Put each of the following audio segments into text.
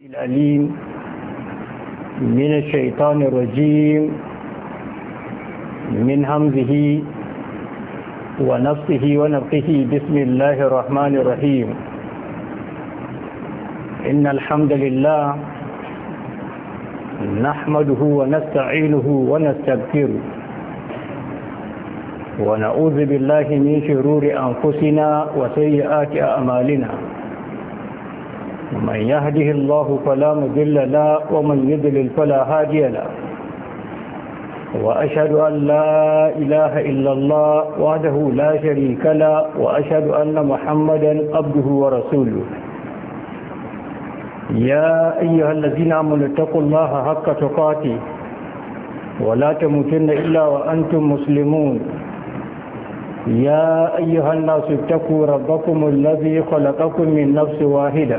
الأليم من الشيطان الرجيم من همزه ونفسه ونفسه بسم الله الرحمن الرحيم إن الحمد لله نحمده ونستعينه ونستغفره ونعوذ بالله من شرور أنفسنا وسيئات أعمالنا ومن يهده الله فلا مضل لا ومن يضلل فلا هادي لا وأشهد أن لا إله إلا الله وحده لا شريك لا وأشهد أن محمدا عبده ورسوله يا أيها الذين آمنوا اتقوا الله حق تقاته ولا تموتن إلا وأنتم مسلمون يا أيها الناس اتقوا ربكم الذي خلقكم من نفس واحدة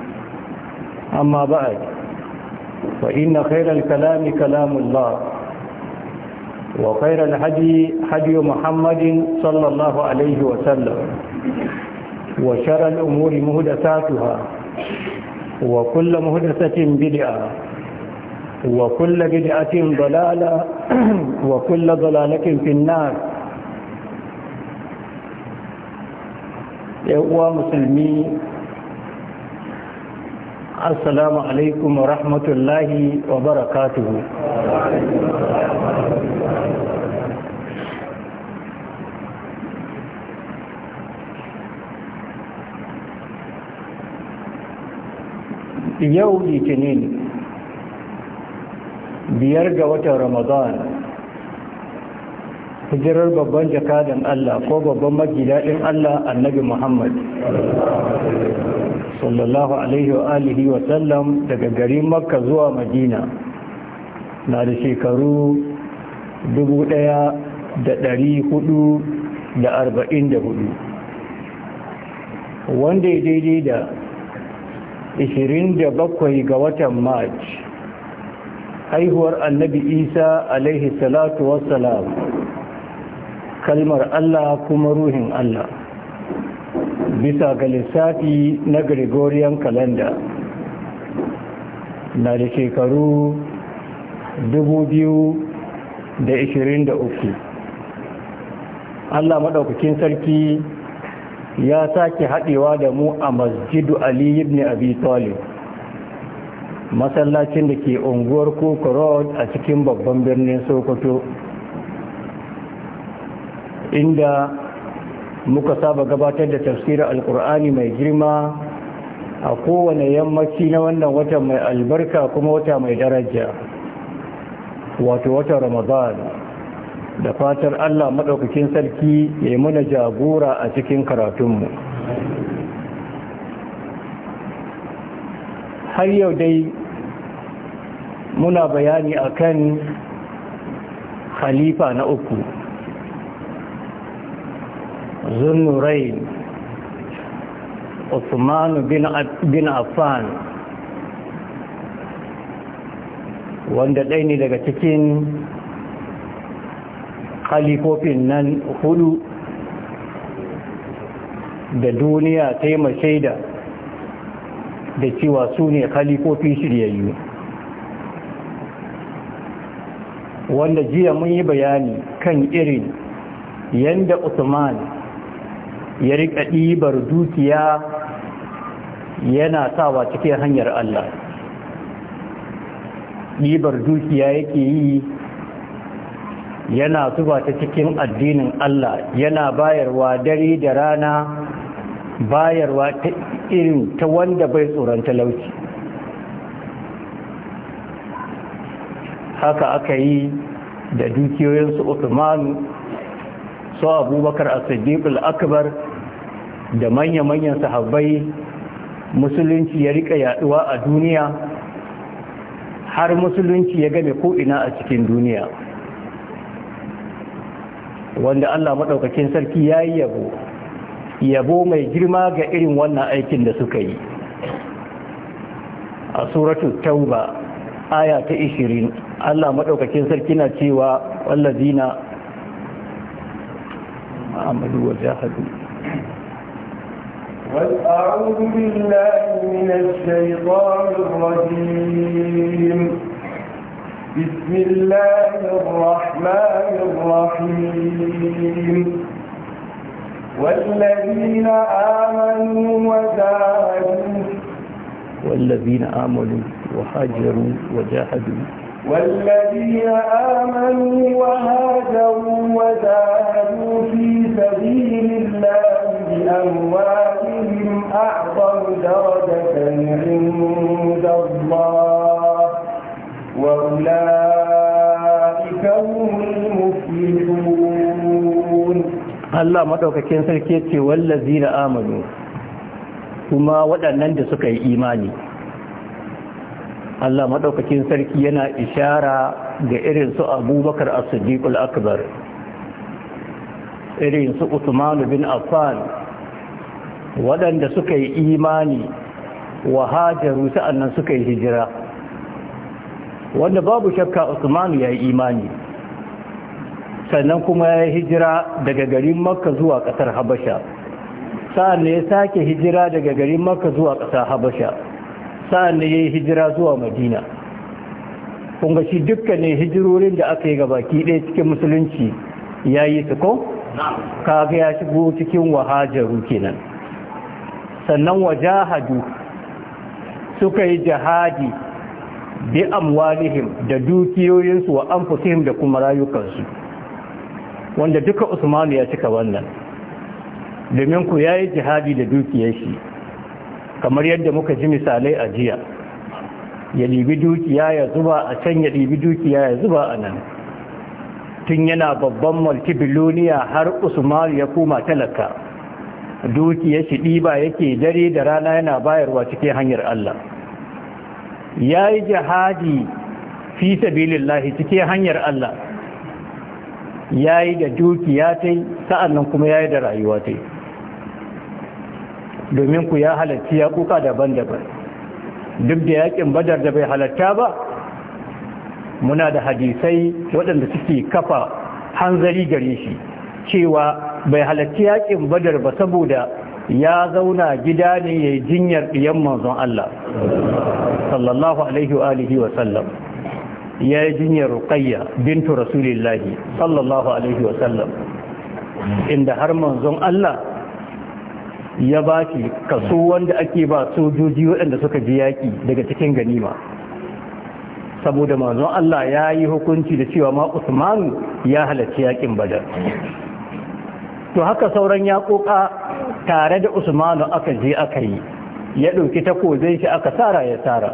أما بعد فإن خير الكلام كلام الله وخير الحدي حدي محمد صلى الله عليه وسلم وشر الأمور مهدساتها وكل مهدسة بدعة وكل بدعة ضلالة وكل ضلالة في النار يا مسلمين assalamu alaikum wa rahmatullahi wa barakatuhu yau litinin biyar ga watan ramadan hijirar babban jakadan Allah ko babban magidaɗin Allah annabi Muhammad sallallahu alaihi wa alihi wa sallam daga garin makka zuwa madina na da shekaru 1444 wanda ya daidai da 27 ga watan march haihuwar annabi isa alaihi salatu wassalam kalmar allah kuma ruhin allah bisa ga lissafi na gregorian kalanda na da shekaru 2023 allah maɗaukakin sarki ya sake haɗewa da mu a masjidu ali ibn abi talib masallacin da ke unguwar koko road a cikin babban birnin sokoto inda muka saba gabatar da tafsirin alkur'ani mai girma a kowane yammaci na wannan wata mai albarka kuma wata mai daraja wato wata ramadan da fatar allah maɗaukakin sarki ya yi mana jagora a cikin karatunmu har yau dai muna bayani akan khalifa na uku zunurai usman bin affan wanda dai ne daga cikin kalifofin nan hudu da duniya ta yi shaida da cewa su ne kalifofi shiryayyu wanda jiya mun yi bayani kan irin yadda usman ya rika ɗibar dukiya yana sawa cikin hanyar Allah ɗibar dukiya yake yi yana zuba ta cikin addinin Allah yana bayarwa dare da rana bayarwa ta irin ta wanda bai tsoron talauci haka aka yi da dukiyoyinsu Uthman su abubakar a siddiq akbar da manya-manyan sahabbai musulunci ya rika yaduwa a duniya har musulunci ya game ko'ina a cikin duniya wanda Allah maɗaukacin sarki ya yi yabo yabo mai girma ga irin wannan aikin da suka yi a suratu tauba aya ta 20 Allah maɗaukakin sarki na cewa wallazina amadu wa أعوذ بالله من الشيطان الرجيم بسم الله الرحمن الرحيم والذين آمنوا وجاهدوا والذين آمنوا وهاجروا وجاهدوا والذين آمنوا وهاجروا وجاهدوا في سبيل الله بأموالهم أعظم درجة عند الله وأولئك هم المفلحون الله مدوكاكين سلكيتي والذين آمنوا kuma waɗannan da suka yi imani Allah maɗaukakin sarki yana ishara ga irin su abubakar a siddiqul akbar irin su usman bin affan waɗanda suka yi imani wa hajaru sa'annan suka yi hijira wanda babu shakka usmanu ya yi imani sannan kuma ya yi hijira daga garin makka zuwa ƙasar habasha sa'an ya sake hijira daga garin makka zuwa ƙasar habasha sa'an ne ya yi hijira zuwa madina kunga shi ne hijirorin da aka yi ga baki ɗaya cikin musulunci ya yi su ko? kaga ya shigo cikin wahajaru kenan sannan wajahadu suka yi jihadi bi amwalihim da dukiyoyinsu wa anfusihim da kuma rayukansu wanda duka usmanu ya cika wannan domin ku yi jihadi da dukiyar shi kamar yadda muka ji misalai a jiya ya libi dukiya ya zuba a can ya libi dukiya ya zuba a nan tun yana babban multibiloniya har usmanu ya koma talaka dukiya shi ɗiba yake dare da rana yana bayarwa cikin hanyar Allah ya yi jihadi fi sabilillahi cikin hanyar Allah ya yi da dukiya ta yi sa'annan kuma ya yi da rayuwa ta yi domin ku ya halarci ya kuka daban-daban duk da yakin badar da bai halarta ba muna da hadisai waɗanda suke kafa hanzari gare shi cewa bai halarci yakin badar ba saboda ya zauna gida ne ya yi jinyar ɗiyan manzon Allah sallallahu alaihi wa alihi wa sallam ya yi jinyar ruqayya bintu rasulillahi sallallahu alaihi wa sallam inda har manzon Allah ya ba ki kaso wanda ake ba sojoji waɗanda suka ji yaƙi daga cikin ganima saboda manzon Allah ya yi hukunci da cewa ma Usmanu ya halarci yaƙin badar to haka sauran yaƙoƙa tare da Usmanu aka je aka yi ya ɗauki takozai shi aka tsara ya tsara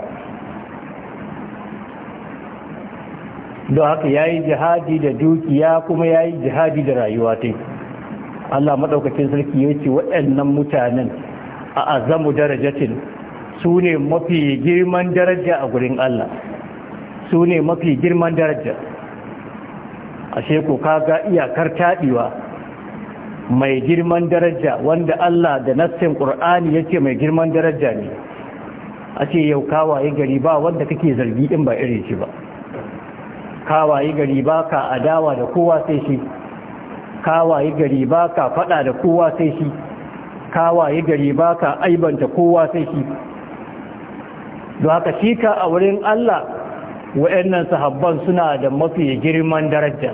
don haka ya yi jihadi da dukiya kuma ya yi jihadi da rayuwa ta yi. Allah maɗaukacin sarki ya ce waɗannan mutanen a azamu darajatin su ne mafi girman daraja a gurin Allah su ne mafi girman daraja sheku ka kaga iyakar taɗiwa mai girman daraja wanda Allah da nassin ya ce mai girman daraja ne A ce yau kawaye gari ba wanda kake zargi in ba irin shi ba kawaye gari ba ka adawa da kowa sai shi kawaye gari ba ka faɗa da kowa sai shi kawaye gari ba ka aibanta kowa sai shi don haka shi ka a wurin Allah wa'annan sahabban suna da mafi girman daraja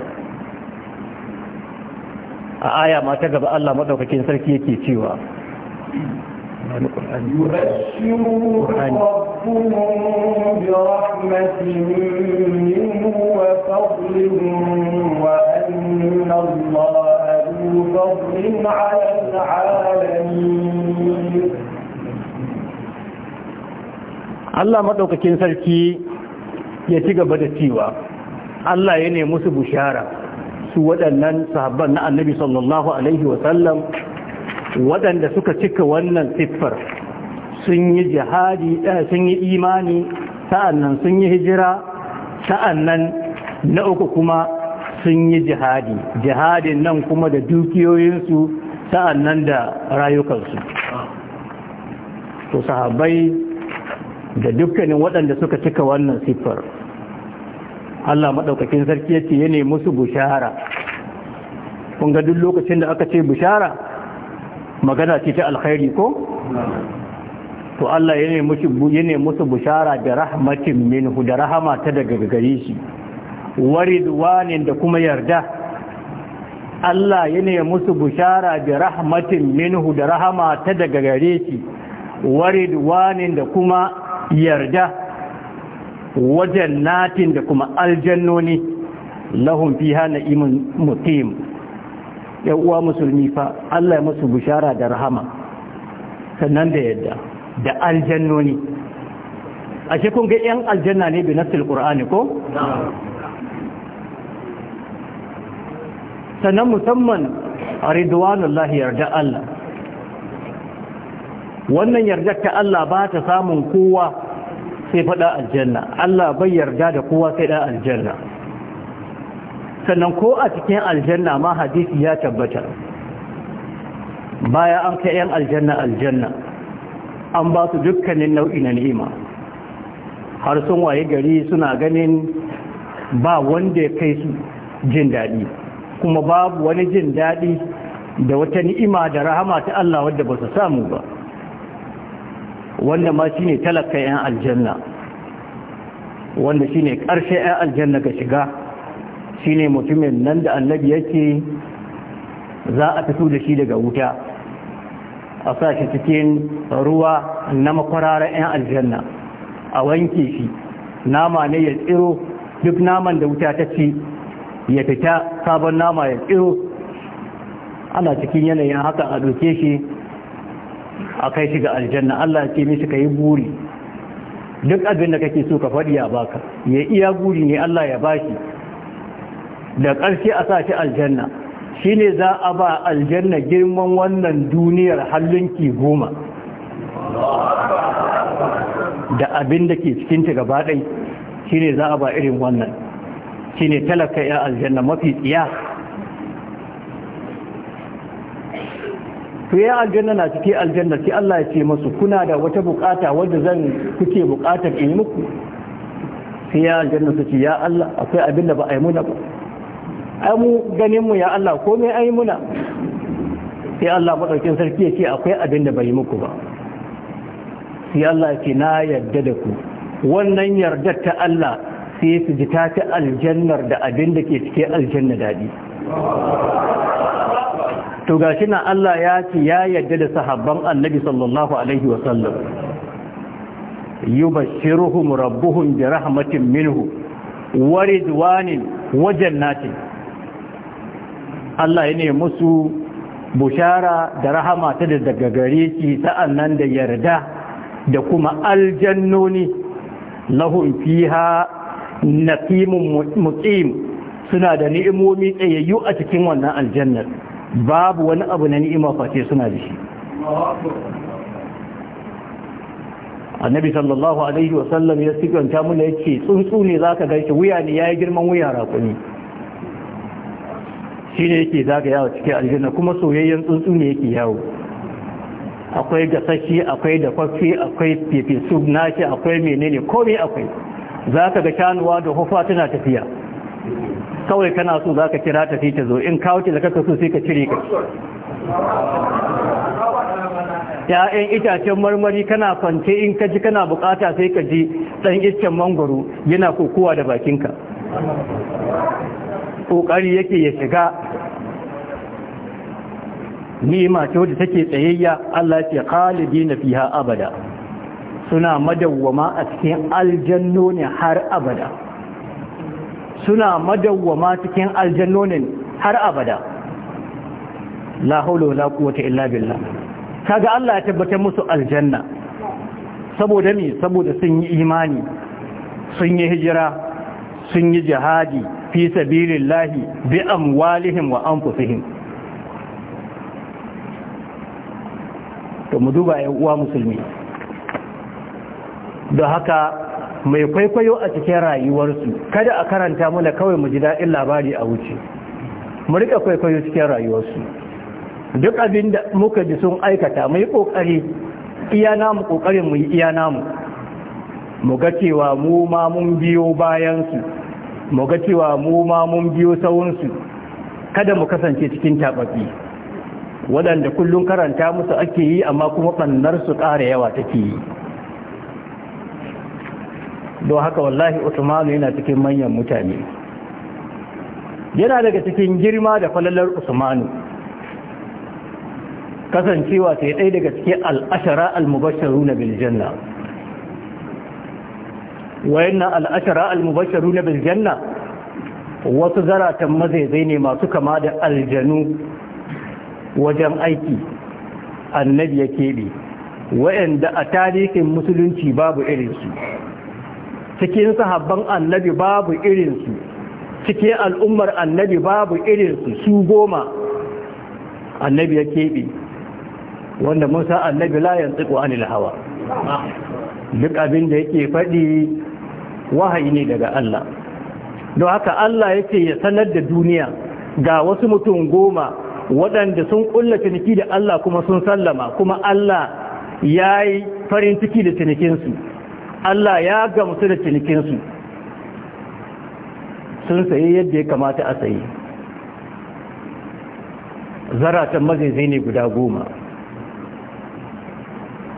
a aya ma gaba Allah maɗaukakin sarki yake cewa قرآن قرآن قرآن برحمة منه وفضل وأن الله ذو فضل على العالمين da cewa Allah ya nemi su bushara su waɗannan sahabban na annabi sallallahu alaihi wasallam waɗanda suka cika wannan siffar sun yi jihadi eh, sun yi imani sa'annan sun yi hijira sa'annan na uku kuma sun yi jihadi jihadin nan kuma da dukiyoyinsu sa'annan da rayukansu to sahabbai da dukkanin waɗanda suka cika wannan siffar Allah maɗaukakin sarki ya ce ya nemi su bushara kun ga duk lokacin da aka ce bushara magana ce ta alkhairi ko to Allah ya ne musu bushara da rahmatin minhu da rahama ta daga gare shi waridwanin da kuma yarda Allah ya ne musu bushara da rahmatin minhu da rahama ta daga gare shi waridwanin da kuma yarda wajen natin da kuma aljannoni lahun fiha na'imun mutim ya uwa musulmi fa Allah ya musu bishara da rahama sannan da yadda da aljannoni A shekun ga yan aljanna ne bi nasil qur'ani ko sannan musamman ridwanullahi yarda Allah wannan yardar ta Allah ba ta samun kowa sai faɗa aljanna Allah bai yarda da kowa sai ɗan aljanna sannan ko a cikin aljanna ma hadisi ya tabbata baya an kai yan aljanna aljanna an ba su dukkanin nau'i na ni'ima har sun waye gari suna ganin ba wanda ya kai su jin daɗi kuma babu wani jin daɗi da wata ni'ima da rahama ta Allah wadda ba su samu ba wanda ma shi ne talaka 'yan aljanna wanda shi ne ƙarshe 'yan aljanna ga shiga shine mutumin nan da annabi yake za a fito da shi daga wuta a sa shi cikin ruwa na makwararar 'yan aljanna a wanke shi nama ne ya tsiro duk naman da wuta ta ci ya fita sabon nama ya tsiro ana cikin yanayin haka a doke shi a kai shi ga aljanna Allah ce mishi ka yi buri duk abin da kake so ka faɗi ya baka ya iya buri ne Allah ya bashi da ƙarshe a sa shi aljanna shine za a ba aljanna girman wannan duniyar hallunki goma da abin da ke cikinta gaba ɗai shine za a ba irin wannan ne talaka ya aljanna mafi tsiya to ya aljanna na cike aljanna sai Allah ya ce masu kuna da wata bukata wadda zan kuke bukatar in yi muku sai ya aljanna su ce ya Allah akwai abin da ba a yi muna ba mu ganin mu ya Allah me ai muna sai Allah madaukin sarki ya akwai abin da bai muku ba sai Allah ya na yarda da ku wannan yardar ta Allah sai su ji ta ta aljannar da abin da ke cike aljanna daɗi to ga na Allah ya ce ya yarda da sahabban annabi sallallahu alaihi wa yi bashiruhum rabbuhum bi rahmatin minhu wa ridwanin wa jannatin Allah ya ne musu bushara da rahama ta da daga gare shi sa'annan da yarda da kuma aljannoni lahum fiha naqimun muqim suna da ni'imomi tsayayyu a cikin wannan aljannar babu wani abu na ni'ima face suna da shi annabi sallallahu alaihi wasallam ya sikanta ya yake tsuntsu ne zaka gaishe wuya ne ya yi girman wuya raƙumi shine yake yawo cikin aljanna kuma soyayyen tsuntsu ne yake yawo akwai gasashi akwai da dafaffe akwai fifisu nashi akwai menene komai akwai za ga shanuwa da hufa tana tafiya kawai kana so za kira ta sai ta zo in kawo da kaka so sai ka cire ka ya'yan itacen marmari kana kwance in ka ji kana bukata sai ka ji dan iccen mangwaro yana kokowa da bakinka ƙoƙari yake ya shiga ni'ima ce wadda take tsayayya Allah ce khalidi na fiha abada suna madawwama a cikin ne har abada suna madawwama cikin ne har abada la hawla wala quwwata illa billah kaga Allah ya tabbatar musu aljanna saboda me saboda sun yi imani sun yi hijira sun yi jihadi fi sabilillahi bi amwalihim wa anfusihim to mu duba ya uwa musulmi da haka mai kwaikwayo a cikin rayuwarsu kada a karanta mana kawai mu ji daɗin labari a wuce mu rika kwaikwayo cikin rayuwarsu duk abin da muka ji sun aikata mu yi ƙoƙari iya namu ƙoƙarin mu yi iya namu mu ga cewa mu ma mun biyo bayansu mu ga cewa mu ma mun biyo sawunsu kada mu kasance cikin taɓaɓi waɗanda kullum karanta musu ake yi amma kuma ɓannar su ƙara yawa take yi don haka wallahi usmanu yana cikin manyan mutane yana daga cikin girma da falalar usmanu kasancewa sai ɗaya daga cikin al'ashara al-mubasharu na biljanna wayannan al'ashara al-mubasharu na biljanna wasu zaratan mazaizai ne masu kama da aljanu wajen aiki annabi ya keɓe wayanda a tarihin musulunci babu irinsu cikin sahabban annabi babu irinsu cikin al'ummar annabi babu irinsu su goma annabi ya keɓe wanda musa annabi layan yanzu anil hawa duk abin da yake faɗi wahayi ne daga Allah don haka Allah ya ce ya sanar da duniya ga wasu mutum goma waɗanda sun ƙulla ciniki da Allah kuma sun sallama kuma Allah ya yi farin ciki da cinikinsu Allah ya gamsu da cinikinsu sun saye yadda ya kamata a saye zaratan mazaizai ne guda goma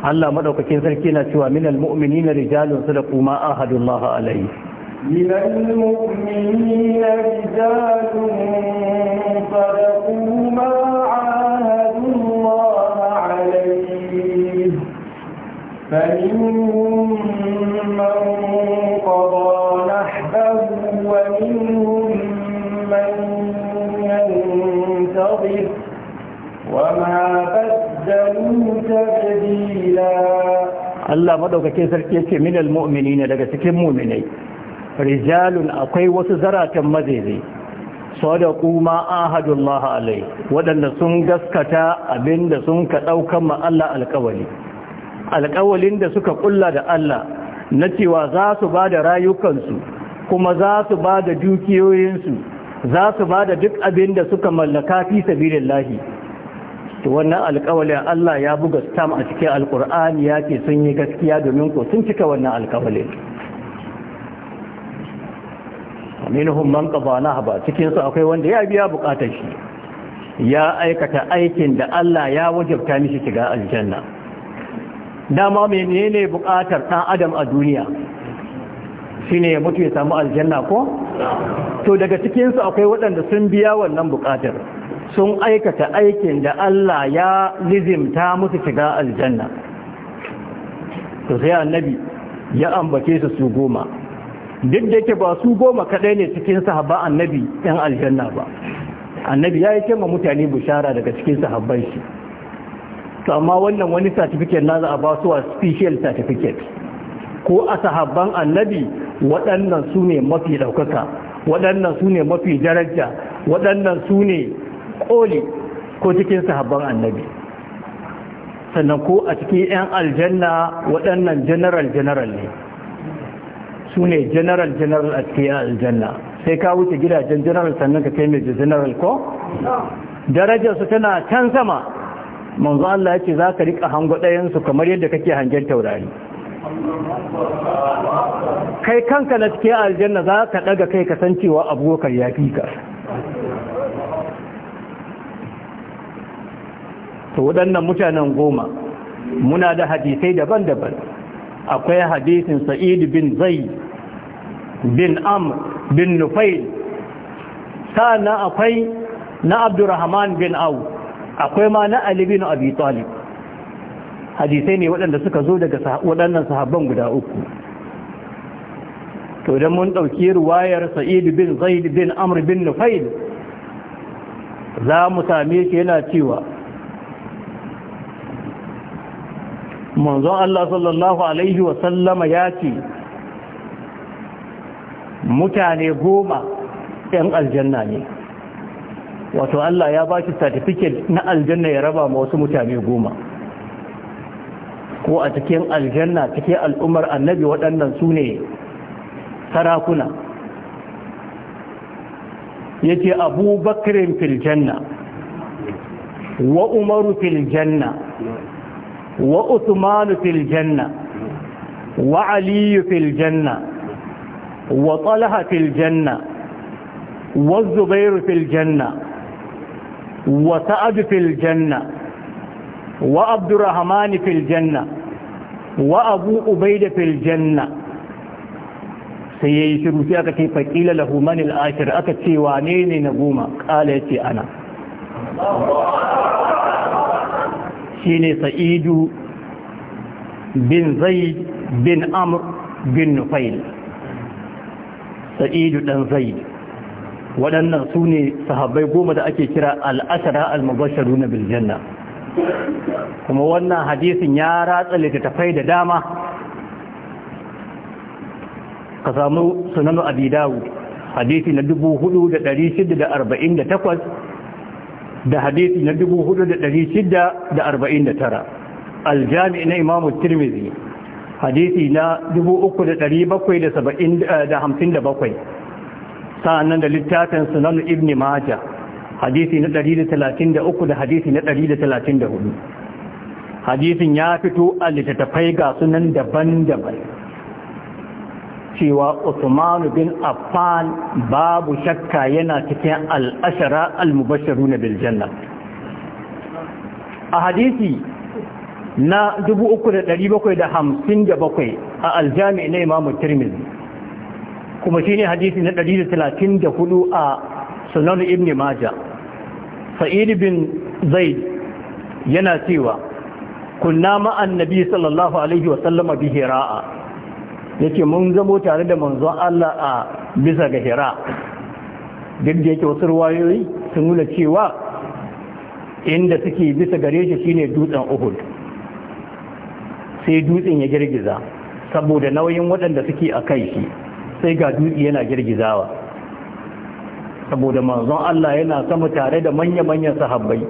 Allah madaukakin sarki na cewa minal mu'minina rijalun sadaqu ma ahadullah alayhi من المؤمنين رجال صدقوا ما عاهدوا الله عليه فمنهم من قضى نحبه ومنهم من ينتظر وما بدل بدلوا تبديلا Allah madaukakin sarki yace minal mu'minina daga cikin mu'minai rijalun akwai wasu zaratan mazaizai sadaqu ma ahadullah alai wadanda sun gaskata abinda sun ka daukan ma Allah alƙawari alƙawalin da suka kulla da Allah na cewa za su bada rayukansu kuma za su bada dukiyoyinsu za su bada duk abinda suka mallaka fi sabilillahi to wannan alƙawalin Allah ya buga stam a cikin alƙur'ani ya ce sun yi gaskiya domin ko sun cika wannan alƙawalin minhum man qabana ba cikin su akwai wanda ya biya bukatar shi ya aikata aikin da Allah ya wajabta mishi shiga aljanna dama menene bukatar ɗan adam a duniya shine ya mutu ya samu aljanna ko to daga cikinsu akwai waɗanda sun biya wannan bukatar sun aikata aikin da Allah ya lizimta musu shiga aljanna to sai annabi ya ambace su su goma duk da yake ba su goma kadai ne cikin sahaba annabi ɗan aljanna ba annabi ya yi kema mutane bishara daga cikin sahabban shi to amma wannan wani certificate na za a ba su a special certificate ko a sahabban annabi waɗannan su ne mafi ɗaukaka waɗannan su ne mafi daraja waɗannan su ne koli ko cikin sahabban annabi sannan ko a cikin 'yan aljanna waɗannan general general ne su ne general general a cikin aljanna sai ka wuce gidajen general sannan ka kai general ko darajarsu tana can sama manzo Allah ya ce za ka riƙa hango ɗayansu kamar yadda kake hangen taurari kai kanka na cikin aljanna za ka ɗaga kai kasancewa a ya fi ka to waɗannan mutanen goma muna da hadisai daban-daban akwai hadisin sa'id bin zai bin amr bin nufail sana akwai na abdurrahman bin au akwai ma na ali bin abi talib hadisai ne waɗanda suka zo daga waɗannan sahabban guda uku to idan mun ɗauki ruwayar sa'id bin zai bin amr bin nufail za mu same shi yana cewa manzon Allah sallallahu Alaihi wasallama ya ce mutane goma 'yan aljanna ne wato Allah ya ba shi certificate na aljanna ya raba ma wasu mutane goma ko a cikin aljanna cikin al'ummar annabi waɗannan su ne sarakuna yake abu filjanna wa umaru filjanna وأثمان في الجنة وعلي في الجنة وطلحة في الجنة والزبير في الجنة وسعد في الجنة وعبد الرحمن في الجنة وأبو أبيد في الجنة سيئي شروسي أكتي فقيل له من الآشر أكتي وانين نبوما قال يتي أنا ne sa'idu bin zaid bin amr bin nufail sa'idu dan zaid waɗannan su ne sahabbai goma da ake kira al'ashara al-mubasharu na biljanna kuma wannan hadisin ya ratsa littattafai da dama ka samu sunanu abi hadisi na 4648 da hadisi na 4649 aljami na imamu tirmizi hadisi na 3757 eh, sa'annan da littafin sunan ibn maja hadisi na 133 da hadisi na 134 hadisin ya fito a littattafai ga sunan daban-daban cewa Usman bin Affan babu shakka yana cikin al'ashara al-mubashiru na biljanna. A hadisi na 3,757 a aljami na Imam Tirmidhi, kuma shi ne hadisi na 134 a sunan Ibn Majah. Sa'id bin Zaid yana cewa, Kunna ma'an Nabi sallallahu Alaihi wasallama bihira'a. yake mun zamo tare da manzon Allah a bisa ga hira duk da yake wasu ruwayoyi sun nuna cewa inda suke bisa gare shi shine dutsen uhud sai dutsen ya girgiza saboda nauyin waɗanda suke a kai shi sai ga dutse yana girgizawa saboda manzon Allah yana sama tare da manya-manyan sahabbai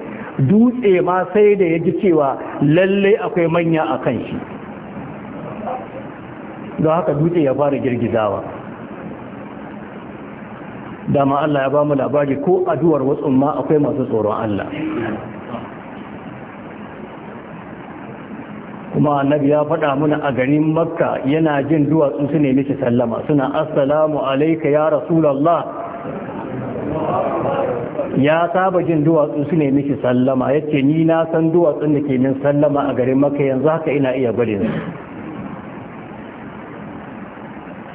dutse ma sai da ya ji cewa lallai akwai manya a kan shi don haka dutse ya fara girgizawa dama Allah ya ba mu labari ko aduwar wasu ma akwai masu tsoron Allah kuma annabi ya faɗa mana a garin makka yana jin duwatsun su ne miki sallama suna assalamu alaika ya rasulallah ya saba jin duwatsun su ne miki sallama yace ni na san duwatsun da ke min sallama a garin makka yanzu haka ina iya gwarin su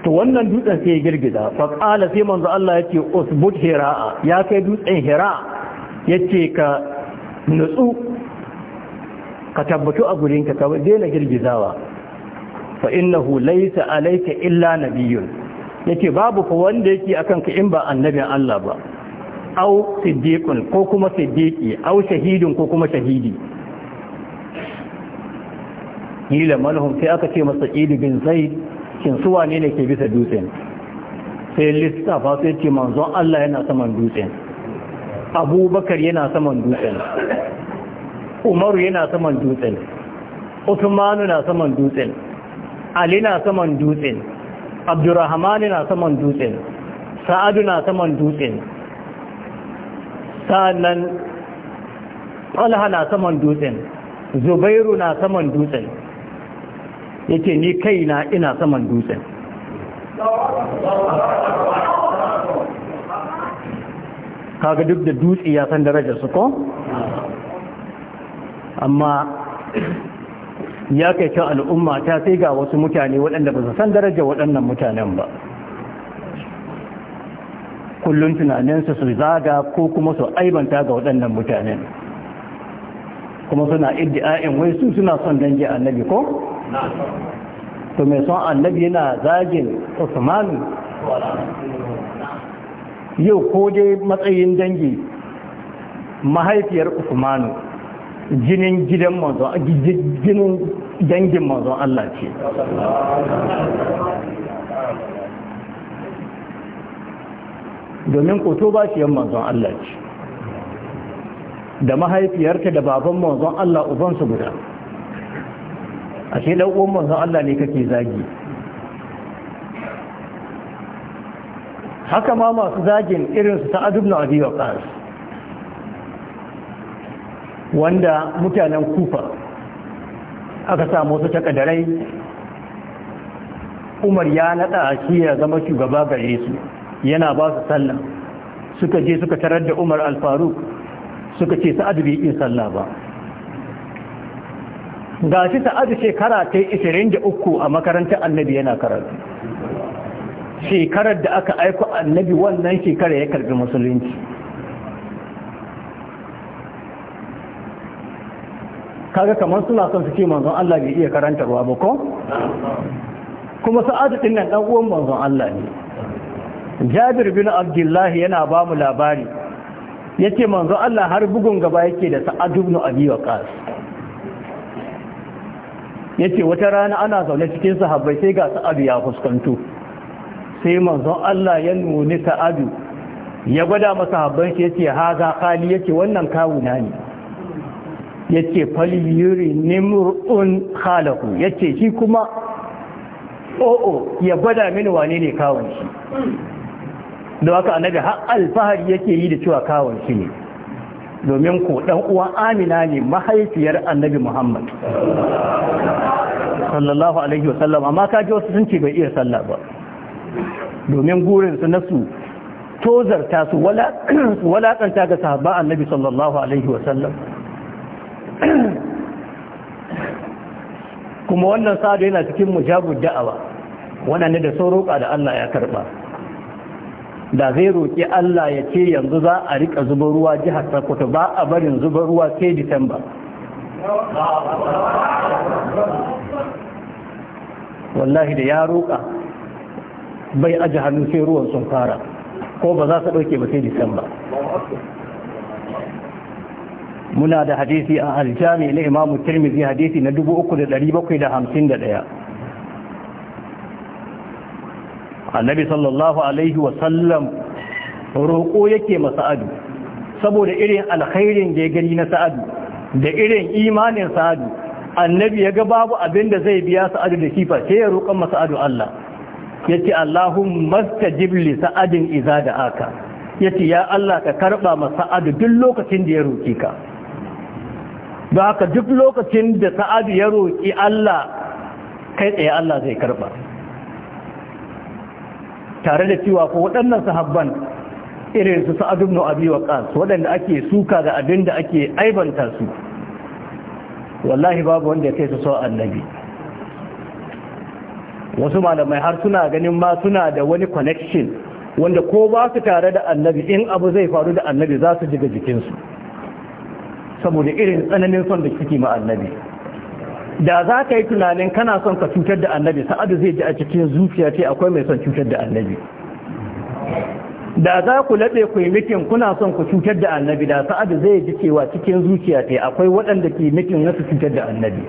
to wannan dutsen sai ya girgiza qala sai manzo Allah yake ce usbud hira'a ya kai dutsen hira ya ka nutsu ka tabbatu a gurinka ka daina girgizawa fa innahu laysa alayka illa nabiyyun yake babu fa wanda yake akan ka in ba annabi Allah ba au siddiqun ko kuma siddiqi au shahidun ko kuma shahidi hila malhum sai aka ce masa idi bin zaid shin su wane ne ke bisa dutsen sai lissafa sai ce manzon Allah yana saman dutsen abubakar yana saman dutsen umaru yana saman dutsen usmanu na saman dutsen ali na saman dutsen abdurrahman na saman dutsen sa'adu na saman dutsen sa'annan talha na saman dutsen zubairu na saman dutsen yake ni kaina ina saman dutsen kaga duk da dutse ya san darajar su ko amma ya kai kan al'umma ta sai ga wasu mutane waɗanda ba su san darajar waɗannan mutanen ba kullum tunaninsu su zaga ko kuma su aibanta ga waɗannan mutanen kuma suna iddi'a'in wai su suna son dangi annabi ko to mai son annabi yana zagin usmanu yau ko dai matsayin dangi mahaifiyar usmanu jinin gidan manzo jinin dangin manzon Allah ce domin koto ba shi yan manzon Allah ce da mahaifiyarta da baban manzon Allah ubansu guda ashe dan uwan manzon Allah ne kake zagi haka ma masu zagin irin su sa'ad ibn abi waqas wanda mutanen kufa aka samu su takadarai umar ya nada a ya zama shugaba gare su yana ba su sallah suka je suka tarar da umar al-faruk suka ce sa'ad bai iya sallah ba ga shi sa'adu shekara ta yi uku a makarantar annabi yana karatu shekarar da aka aiko annabi wannan shekara ya karbi musulunci kaga kamar suna son su ce manzon Allah bai iya karantarwa ba ko kuma sa'adu din nan dan uwan manzon Allah ne Jabir bin Abdullahi yana ba mu labari yace manzon Allah har bugun gaba yake da Sa'ad ibn Abi Waqas Ya ce wata rana ana zaune cikin sahabbai sai ga sa'adu ya fuskanto sai manzon Allah ya nuni sa'adu ya gwada masa habban shi yace haza ya yace wannan kawuna ne yace fal yuri nimrun Ya yace shi kuma o'o ya gwada mini wane ne kawun shi da haka annabi har alfahari yake yi da cewa kawun shi ne domin ku dan uwa amina ne mahaifiyar annabi muhammad sallallahu alaihi wasallam amma kaji wasu sun ce bai iya sallah ba domin gurinsu na su tozarta su walakanta ga sahaba annabi sallallahu alaihi wasallam kuma wannan sa'adu yana cikin mujabu da'awa wannan ne da sauroka da Allah ya karba da zai roƙi Allah ya ce yanzu za a riƙa zuba ruwa jihar Sokoto ba a barin zuba ruwa sai Disamba wallahi da ya roƙa bai aji hannu sai ruwan sun fara ko ba za su ɗauke ba sai Disamba muna da hadisi a aljami na imamu tirmidhi hadisi na 3751 annabi sallallahu alaihi wasallam roƙo yake masa'adu saboda irin alkhairin da ya gani na sa'adu da irin imanin sa'adu annabi ya ga babu abin da zai biya sa'adu da kifa sai ya roƙon Sa'adu Allah ya ce mastajib li sa'adin iza da aka ya ya Allah ka karɓa Sa'adu duk lokacin da ya roƙi ka don haka duk lokacin da sa'adu ya roƙi Allah kai tsaye Allah zai karɓa tare da cewa ko waɗannan sahabban irin su sa'ad ibn abi waqas waɗanda ake suka da abin da ake aibanta su wallahi babu wanda ya kai su so annabi wasu malamai har suna ganin ma suna da wani connection wanda ko ba su tare da annabi in abu zai faru da annabi za su jiga jikinsu saboda irin tsananin son da suke ma annabi da za ka yi tunanin kana son ka cutar da annabi sa'adu zai ji a cikin zuciya ce akwai mai son cutar da annabi da za ku laɓe ku yi mikin kuna son ku cutar da annabi da sa'adu zai ji cewa cikin zuciya ce akwai waɗanda ke mikin na su cutar da annabi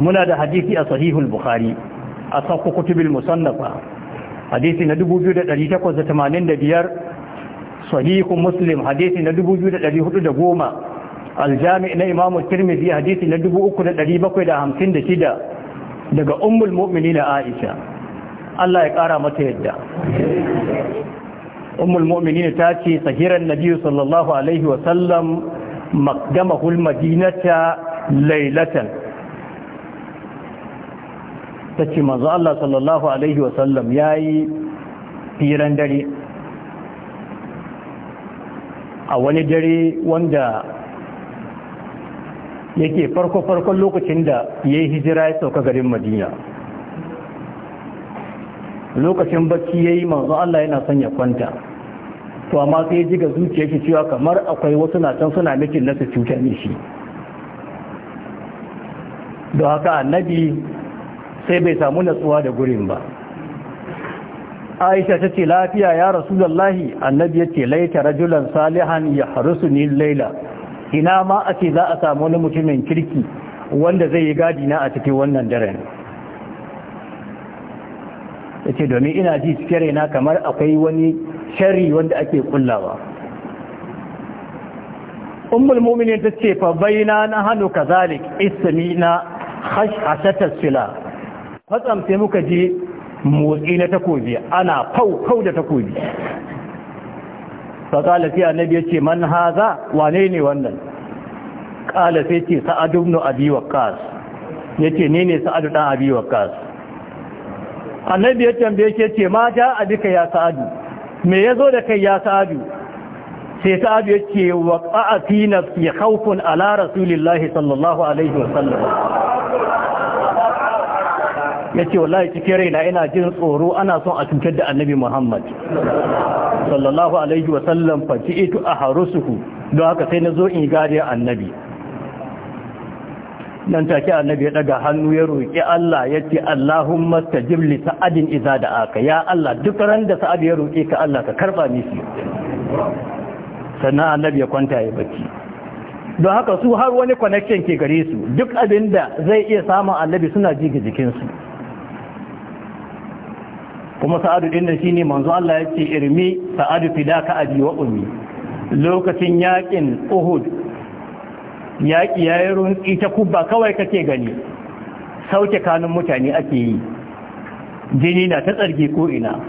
muna da hadisi a sahihul bukhari a sakku kutubil musannafa hadisi na 2885 sahihun muslim hadisi na 2410 aljami na imamu tirmidhi hadisi na 3756 daga ummul mu'minina aisha Allah ya kara mata yadda ummul mu'minina ta ce sahiran nabi sallallahu alaihi wa sallam maqdamahu almadinata laylatan tace manzo Allah sallallahu alaihi wa sallam yayi firan dare a wani dare wanda yake farko-farkon lokacin da ya yi hijira ya sauka garin madina lokacin bacci ya yi manzo Allah yana son ya kwanta to amma sai ya ji ga zuciya shi cewa kamar akwai wasu na can suna mikin na su cutar ne shi don haka annabi sai bai samu natsuwa da gurin ba aisha ta ce lafiya ya rasulallahi annabi ya ce laita rajulan salihan ya harusu ni laila ina ma a ce za a samu wani mutumin kirki wanda zai yi gadi na a cikin wannan daren ya ce domin ina ji cikin raina kamar akwai wani shari wanda ake kullawa Umar, muminin ta ce fa na hannu ka kazalik ismi na hashashatar fila fatsam sai muka je motsi na takobi ana fau kau da takobi faƙala sai annabi yace man haza wane ne wannan ƙala sai ce sa'ad ibn abi waqqas yace ni ne sa'ad dan abi waqqas annabi ya tambaye shi yace ma ja abika ya sa'ad me yazo da kai ya sa'ad sai sa'ad yace waqa'a fi nafsi khawfun ala rasulillahi sallallahu alaihi wasallam ya ce wallahi cikin raina ina jin tsoro ana son a cutar da annabi muhammad sallallahu alaihi wasallam faci ito a harusuku don haka sai na zo in gari annabi nan take annabi ya daga hannu ya roƙi Allah ya ce Allahumma stajib li sa'adin idza da'aka ya Allah duk ran da sa'ad ya roƙe ka Allah ka karba mishi sannan annabi ya kwanta ya bacci don haka su har wani connection ke gare su duk abinda zai iya samun annabi suna ji ga jikin su kuma sa'adu din nan shine manzo Allah yake ce irmi sa'adu fidaka abi wa ummi lokacin yakin Uhud yaki yayi runki ta kubba kawai kake gani sauke kanun mutane ake yi jini na ta tsarge ko ina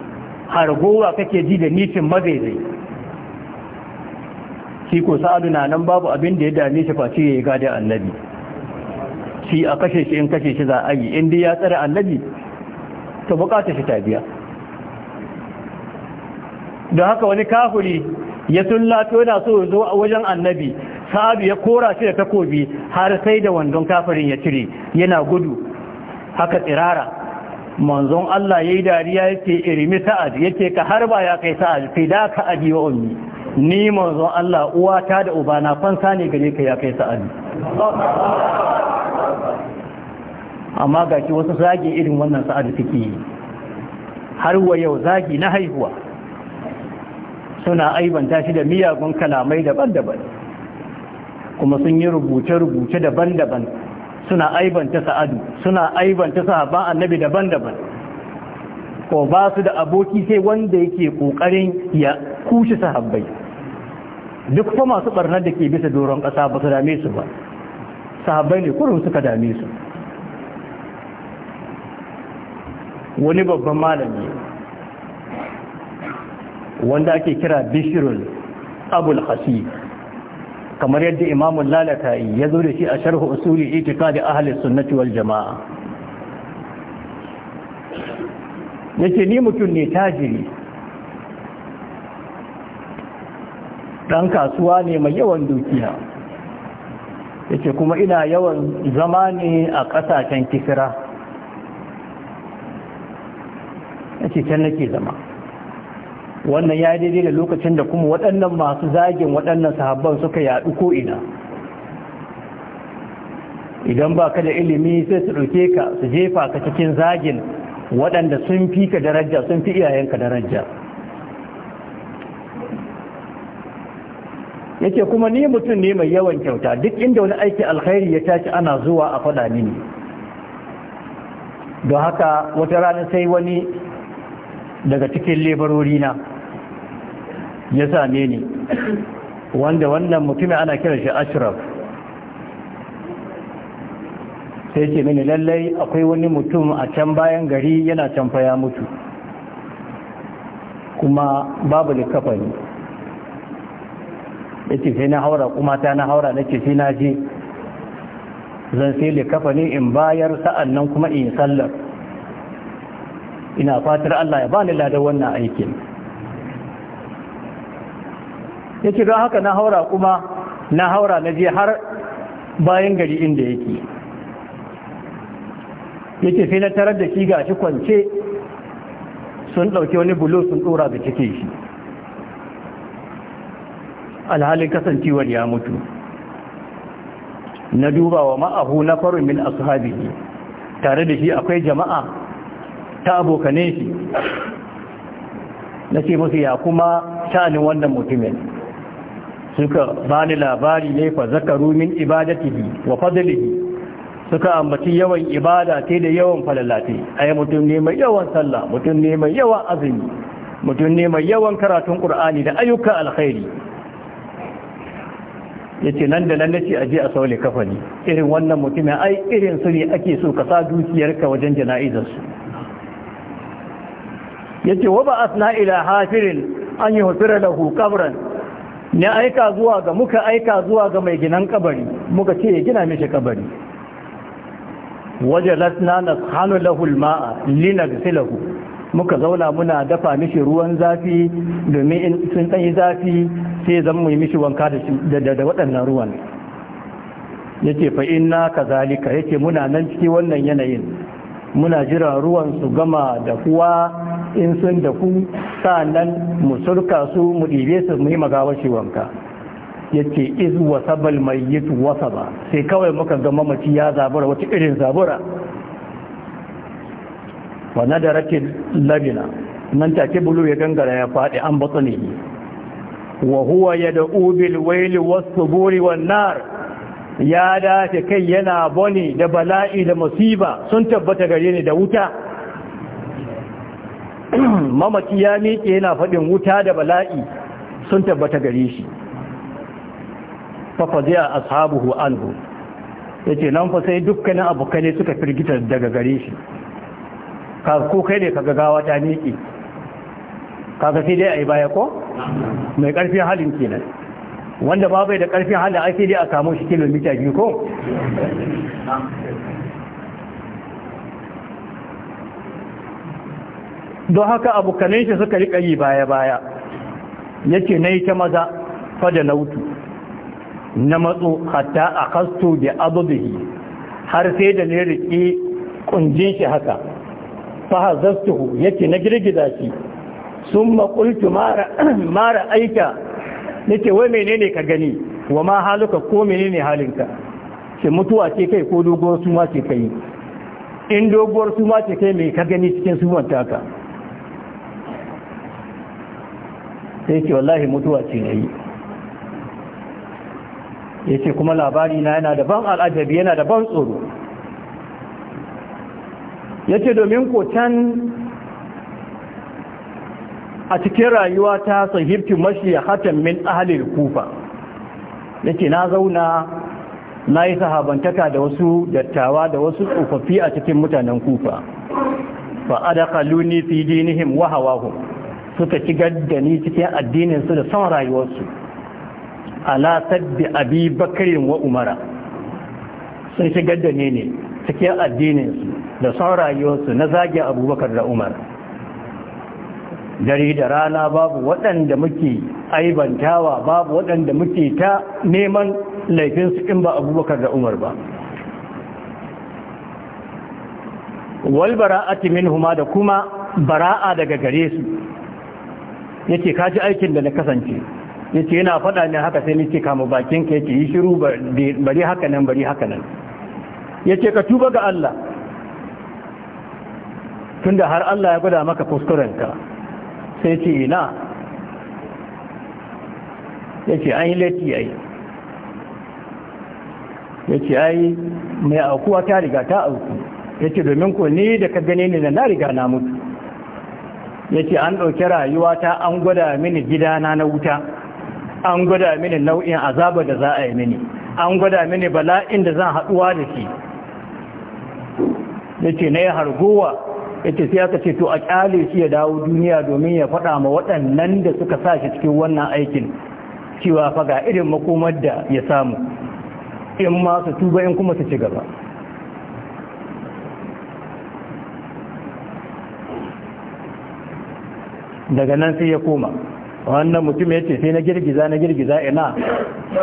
Har gowa kake ji da nishin mazaizai shi ko sa'adu na nan babu abin da ya dame shi face ya yi gada annabi shi a kashe shi in kashe shi za a yi in dai ya tsare annabi ta bukatar shi ta biya don haka wani kafuri ya sullato yana so zo a wajen annabi sa'adu ya kora shi da takobi har sai da wandon kafirin ya cire yana gudu haka tsirara manzon Allah ya yi dariya ya ce irimi sa'ad ya ce ka ba ya kai sa'ad fi da ka abi wa ummi ni manzon Allah uwata da ubana fansa ne gare ka ya kai sa'ad amma ga shi wasu zagi irin wannan sa'ad suke yi har wa yau zagi na haihuwa suna aibanta shi da miyagun kalamai daban-daban kuma sun yi rubuce-rubuce daban-daban suna aibanta sa'adu suna aibanta sahaban annabi daban-daban ko ba su da aboki sai wanda yake kokarin ya kushi sahabbai duk fa masu barnar da ke bisa doron ƙasa ba su dame su ba sahabbai ne kurin suka dame su wani babban malami wanda ake kira bishirul abul hasi kamar yadda imamun lalata ya zo da shi a sharhu usuli da ahli sunnati wal jama'a Yake ni mutum ne tajiri ɗan kasuwa ne mai yawan dukiya yace kuma ina yawan zama ne a ƙasashen kisira yace can nake zama wannan ya daidai da lokacin da kuma waɗannan masu zagin waɗannan sahabban suka yaɗu ko'ina idan ba ka da ilimi sai su ɗauke ka su jefa ka cikin zagin waɗanda sun fi ka daraja sun fi iyayen ka daraja yake kuma ni mutum ne mai yawan kyauta duk inda wani aiki alkhairi ya tashi ana zuwa a faɗa mini don haka wata rana sai wani daga cikin lebarori na ya same ni wanda wannan mutumin ana kiran shi ashraf sai ce mini lallai akwai wani mutum a can bayan gari yana can faya mutu kuma babu likafani ya ce sai na haura kuma ta na haura na ce sai na je zan sai likafani in bayar sa'an nan kuma in sallar ina fatar Allah ya bani ladar wannan aikin ya ce don haka na haura kuma na haura na je har bayan gari inda yake ya ce sai na tarar da shi ga shi kwance sun ɗauki wani bulo sun ɗora da cike shi alhalin kasancewar ya mutu na duba wa ma'ahu na farin min Habibi tare da shi akwai jama'a ta abokane shi na ce musu ya kuma sha'anin wannan mutumin suka bani labari ne fa zakaru min ibadatihi wa fadlihi suka ambaci yawan ibada te da yawan falalati ai mutum ne mai yawan sallah mutum ne mai yawan azumi mutum ne mai yawan karatun qur'ani da ayyuka alkhairi yace nan da nan nace aje a saule kafani irin wannan mutum ai irin su ne ake so ka sa dukiyarka wajen jana'izar su yace wa ba'athna ila hafirin an yuhfira lahu qabran ne aika zuwa ga muka aika zuwa ga mai ginan kabari muka ce ya gina mishi kabari waje lasna na hannu lahul ma'a linagsilahu muka zauna muna dafa mishi ruwan zafi domin in sun ɗanyi zafi sai zan mu mishi wanka da waɗannan ruwan ya ce fa'in na ka zalika ya ce muna nan ciki wannan yanayin muna jira ruwan su gama da kuwa in sun da ku sa'annan mu surka su mu ɗibe su mu yi magawashi wanka, wanka yace iz wasabal wasa wasaba sai kawai muka ga mamaci ya zabura wata irin zabura da nadaratil labina nan take bulu ya gangara ya faɗi an yi wa huwa ya da Ubil waili wasu buri wannan ya dace kai yana boni da bala'i da masiba sun tabbata gare ni da wuta mamaki ya miƙe yana faɗin wuta da bala'i sun tabbata gare shi fafaziya ashabuhu anhu ce nan fa sai dukkanin abokane suka firgita daga gare shi ka ko kai ne kaga gawa ta miƙe kaga sai dai yi baya ko mai ƙarfin halin kenan wanda ba bai da ƙarfin halin ake dai a samun shi kilomita biyu ko don haka abokanen shi suka riƙa yi baya-baya yake na yi ta maza fada wutu na matso hatta a kasto da abubuhi har sai da ne riƙe ƙunjin shi haka faha zastuhu yake na girgiza shi sun makultu mara aika ce wai menene ka gani wa ma haluka ko menene halinka ce mutuwa ce kai ko doguwar suma ce kai in doguwar suma ce kai mai ka gani cikin sumanta ka? sai ce wallahi mutuwa ce na yi ya ce kuma labari na yana da ban al'ajabi yana da ban tsoro ya ce domin ko can a cikin rayuwa ta sahibtu mashi ya hatan min ahalil kufa ya ce na zauna na yi sahabantaka da wasu dattawa da wasu tsofaffi a cikin mutanen kufa fa'ada kaluni fi dinihim wahawahu suka ci gaddani ni cikin addininsu da son rayuwarsu ala sabbi abi bakarin wa umara sun ci gaddani ne cikin addininsu da son rayuwarsu na zage abubakar da umar dare da rana babu waɗanda muke aibantawa babu waɗanda muke ta neman laifinsu in ba abubakar da umar ba bara'ati minhuma da kuma bara'a daga gare su yace ka ji aikin da na kasance yace yana faɗa ne haka sai nake kama bakin ka yace yi shiru bari haka nan bari haka nan yace ka tuba ga Allah tunda har Allah ya gwada maka kuskurenka sai ce ina yace an yi laifi ai yace ai mai aukuwa ta riga ta auku yace domin ko ni da ka gane ni na riga na mutu yace an ɗauki rayuwa ta an gwada mini gidana na wuta an gwada mini nau'in azaba da za a yi mini an gwada mini bala'in da zan haɗuwa da shi yace na ya harguwa yace sai aka ce to a kyale shi ya dawo duniya domin ya faɗa ma waɗannan da suka sa shi cikin wannan aikin cewa faga irin makomar da ya samu in ma su tuba in kuma su ci gaba daga nan sai ya koma wannan mutum ya ce sai na girgiza na girgiza ina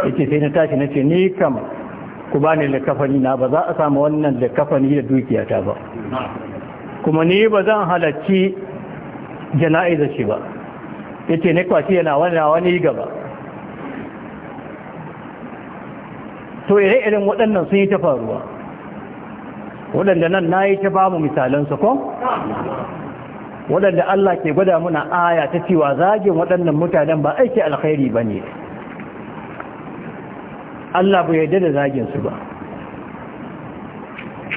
ya ce sai na tashi na ce ni kam ku ba ni likafani na ba za a samu wannan likafani da dukiyata ba kuma ni ba zan halarci jana'iza shi ba ya ce na kwashi yana wani gaba to ire irin waɗannan sun yi ta faruwa waɗanda nan na yi ta ba mu misalansu ko? waɗanda Allah ke gwada muna aya ta cewa zagin waɗannan mutanen ba aiki alkhairi ba ne Allah bai yarda da zaginsu ba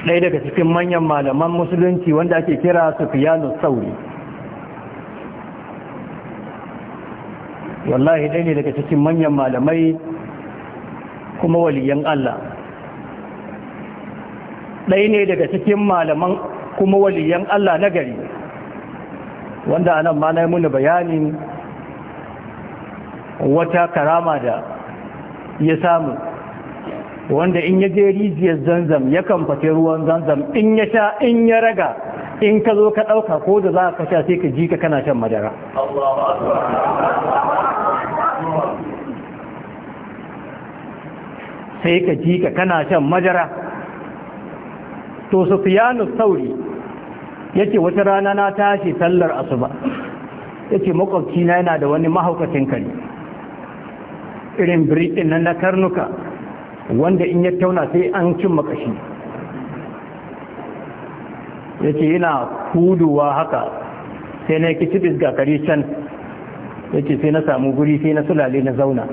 ɗaya daga cikin manyan malaman musulunci wanda ake kira sufiyanu sauri wallahi ɗaya ne daga cikin manyan malamai kuma waliyan Allah ɗaya ne daga cikin malaman kuma waliyan Allah na gari wanda a nan ma na yi muni bayanin wata karama da ya samu wanda in ya je rijiyar zanzam ya kamfate ruwan zanzam in ya sha in ya raga in ka zo ka ɗauka ko da za ka sha sai ka ji ka kana shan madara sai ka ji ka kana shan madara to su sufiyanu sauri yake wata rana na tashi sallar asuba yace makwabci na yana da wani mahaukacin kari irin biriɗin nan na karnuka wanda in ya tauna sai an cin makashi yace yana kuduwa haka sai na yake cibis ga kare can yace sai na samu guri sai na sulale na zauna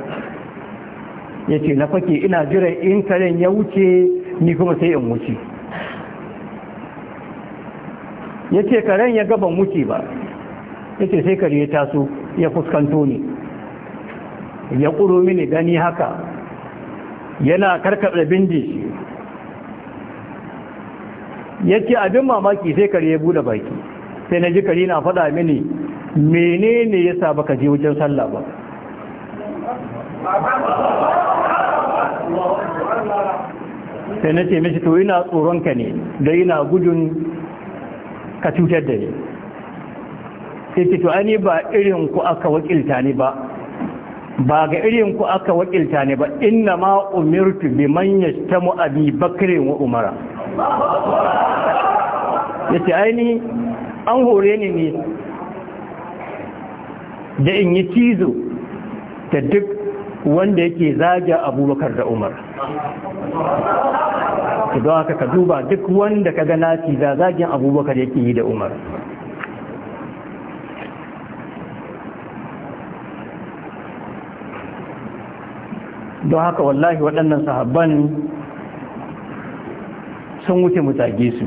yace na fake ina jiran in karen ya wuce ni kuma sai in wuce ya ce karen ya gaban wuce ba ya ce sai kare ya taso ya fuskanto ne ya ƙuro mini gani haka yana karkaɓe bindi ya ce abin mamaki sai kare ya bude baki sai na ji kare na faɗa mini menene ya sa baka je wajen sallah ba sai na ce mishi to ina tsoronka ne da ina gudun ka cutar da ni sai ce to ba irin ku aka wakilta ne ba ba ga irin ku aka wakilta ne ba inna ma umirtu bi manya ta mu'abi bakr wa umara ce aini an hore ni ne da in yi cizo da duk wanda yake zaga abubakar da umar don haka ka duba duk wanda ka ga naci za zagin abubakar yake yi da umar don haka wallahi waɗannan sahabban sun wuce mutage su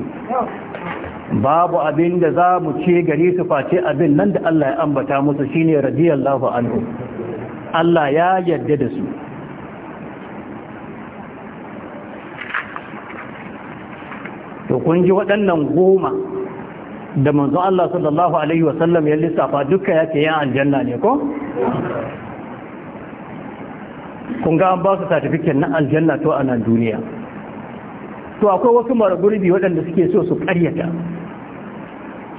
babu abin da za mu ce gare su face abin nan da Allah ya ambata musu shine radiyallahu anhu Allah ya yarda da su to kun ji waɗannan goma da manzo Allah sallallahu alaihi wa sallam ya lissafa duka yake yan aljanna ne ko kun ga an ba su certificate na aljanna to a nan duniya to akwai wasu maragurbi waɗanda suke so su ƙaryata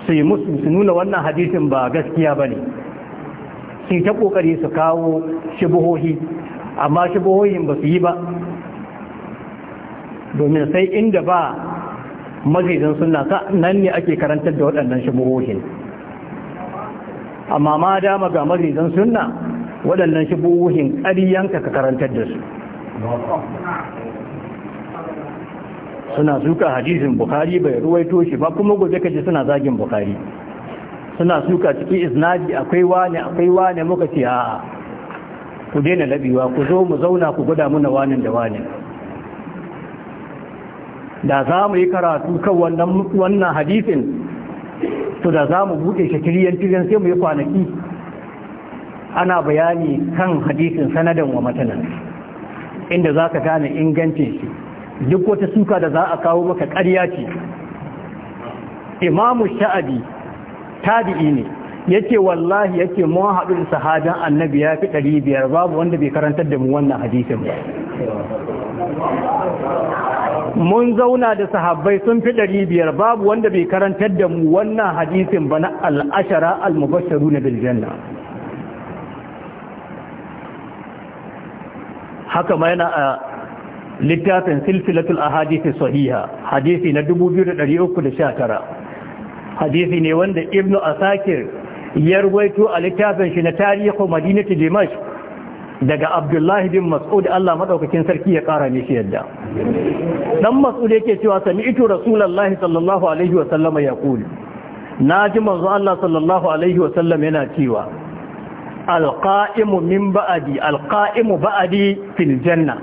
su musu su nuna wannan hadisin ba gaskiya bane ne sai ta ƙoƙari su kawo shibohohi, amma shibohohin ba su yi ba domin sai inda ba mazaizin suna nan ne ake karantar da waɗannan shibohohin. amma ma dama ga mazaizin suna waɗannan shubuhohin ƙariyanka ka karantar da su suna suka hadisin bukari bai ruwaito shi ba kuma gobe kaji suna zagin bukari suna suka ciki isnadi akwai wane akwai wane muka ce a ku daina labiwa ku zo mu zauna ku gwada muna wanin da wane da za mu yi karatu kan wannan hadisin to da za mu buɗe shi tiriyan sai mu yi kwanaki ana bayani kan hadisin sanadan wa matanan inda za ka gane inganci duk wata suka da za a kawo maka ƙarya ce imamu sha'abi tabi'i ne yake wallahi yake mun haɗu da sahaban annabi ya fi ɗari biyar babu wanda bai karantar da mu wannan hadisin ba mun zauna da sahabbai sun fi ɗari biyar babu wanda bai karantar da mu wannan hadisin ba na al'ashara al-mubasharu na biljanna haka ma yana a littafin silsilatul ahadisi sahiha hadisi na 2319 hadisi ne wanda Ibnu asakir ya ruwaito a littafin shi na tarihi madinati dimash daga abdullahi bin mas'ud Allah madaukakin sarki ya kara mishi yadda dan mas'ud yake cewa sami'tu rasulullahi sallallahu alaihi wa sallama yaqul naji manzo Allah sallallahu alaihi wa sallam yana cewa alqa'imu min ba'di alqa'imu ba'di fil janna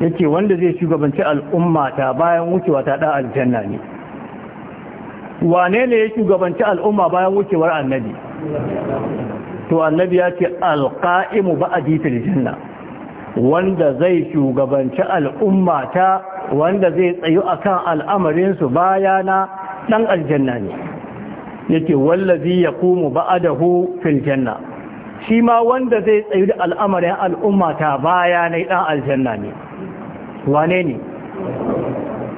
yace wanda zai shugabanci al'umma ta bayan wucewa ta da aljanna ne wane ne ya shugabanci al'umma bayan wucewar annabi to annabi ya ce ba a fil janna wanda zai shugabanci al'umma ta wanda zai tsayu a kan al'amarinsu bayana ɗan aljanna ne Ya yake wallazi a dahu fil janna shi ma wanda zai tsayu da al'amarin al'umma ta bayana dan aljanna ne wane ne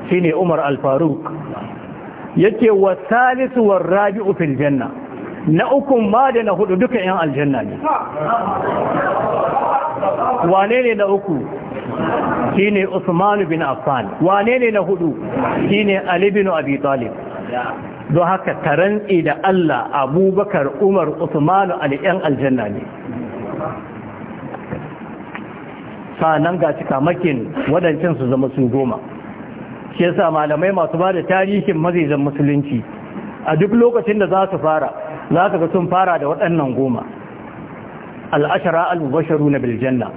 shine Umar alfaruk Yake wa salisu wa rabi'u fil janna na ukun ma da na hudu duka yan aljanna ne wane ne na uku shine Usman bin Affan wane ne na hudu shine Ali bin Abi Talib don haka tarantsi da Allah Abubakar Umar Usman Ali yan aljanna ne sanan ga cika makin wadancan su zama su goma shi yasa malamai masu ba da tarihin mazizan musulunci a duk lokacin da za su fara za ka ga sun fara da waɗannan goma al'ashara al na biljanna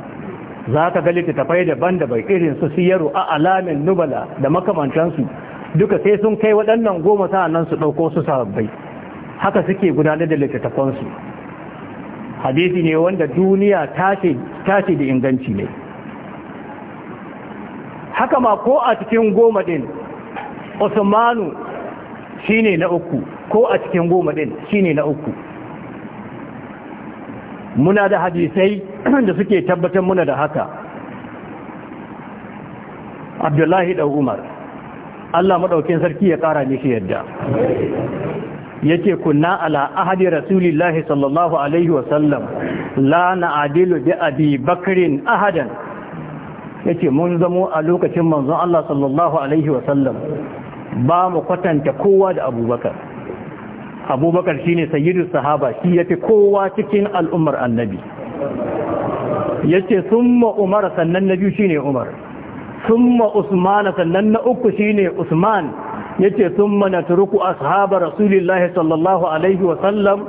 za ka ga littattafai daban-daban irin su siyaru a alamin nubala da makamantansu duka sai sun kai waɗannan goma nan su ɗauko su sababbai haka suke gudanar da littattafansu hadisi ne wanda duniya tashi da inganci ne haka ma ko a cikin goma din usmanu shine na uku ko a cikin goma din shine na uku muna da hadisai da suke tabbatar muna da haka abdullahi da umar Allah maɗaukin sarki ya ƙara shi yadda yake kunna ala ahadi rasulillahi sallallahu alaihi wasallam la na adilu bi abi bakrin ahadan yace mun zamo a lokacin manzon Allah sallallahu alaihi wa sallam ba mu kwatanta kowa da abubakar abubakar shi ne sayyidu sahaba shi ya fi kowa cikin al'ummar annabi yace summa umar sannan na biyu shi ne umar summa usman sannan na uku shi ne usman yace summa a ashaba rasulillahi sallallahu alaihi wa sallam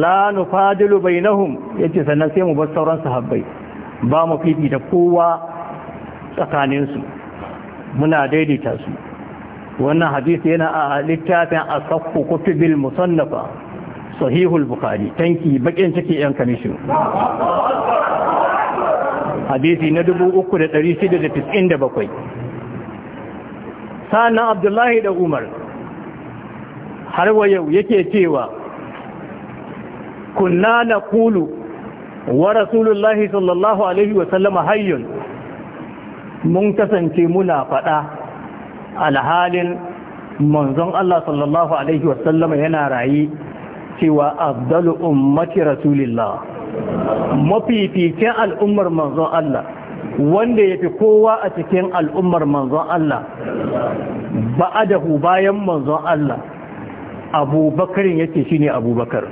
la nufadilu bainahum yace sannan sai mu bar sauran sahabbai ba mu fifita kowa tsakaninsu muna daidaita su wannan hadisi yana a littafin asaffu kutubil musannafa sahihul bukhari tanki bakin ciki yan kamishin hadisi na 3697 sa'an abdullahi da umar har wa yau yake cewa kunna na kulu wa rasulullahi sallallahu alaihi wasallama hayyun mun kasance muna faɗa alhalin manzon Allah sallallahu alaihi wasallama yana rayi cewa abdalu ummati rasulillah mafificin al'ummar manzon Allah wanda ya fi kowa a cikin al'ummar manzon Allah ba'adahu bayan manzon Allah abubakarin yake shine abubakar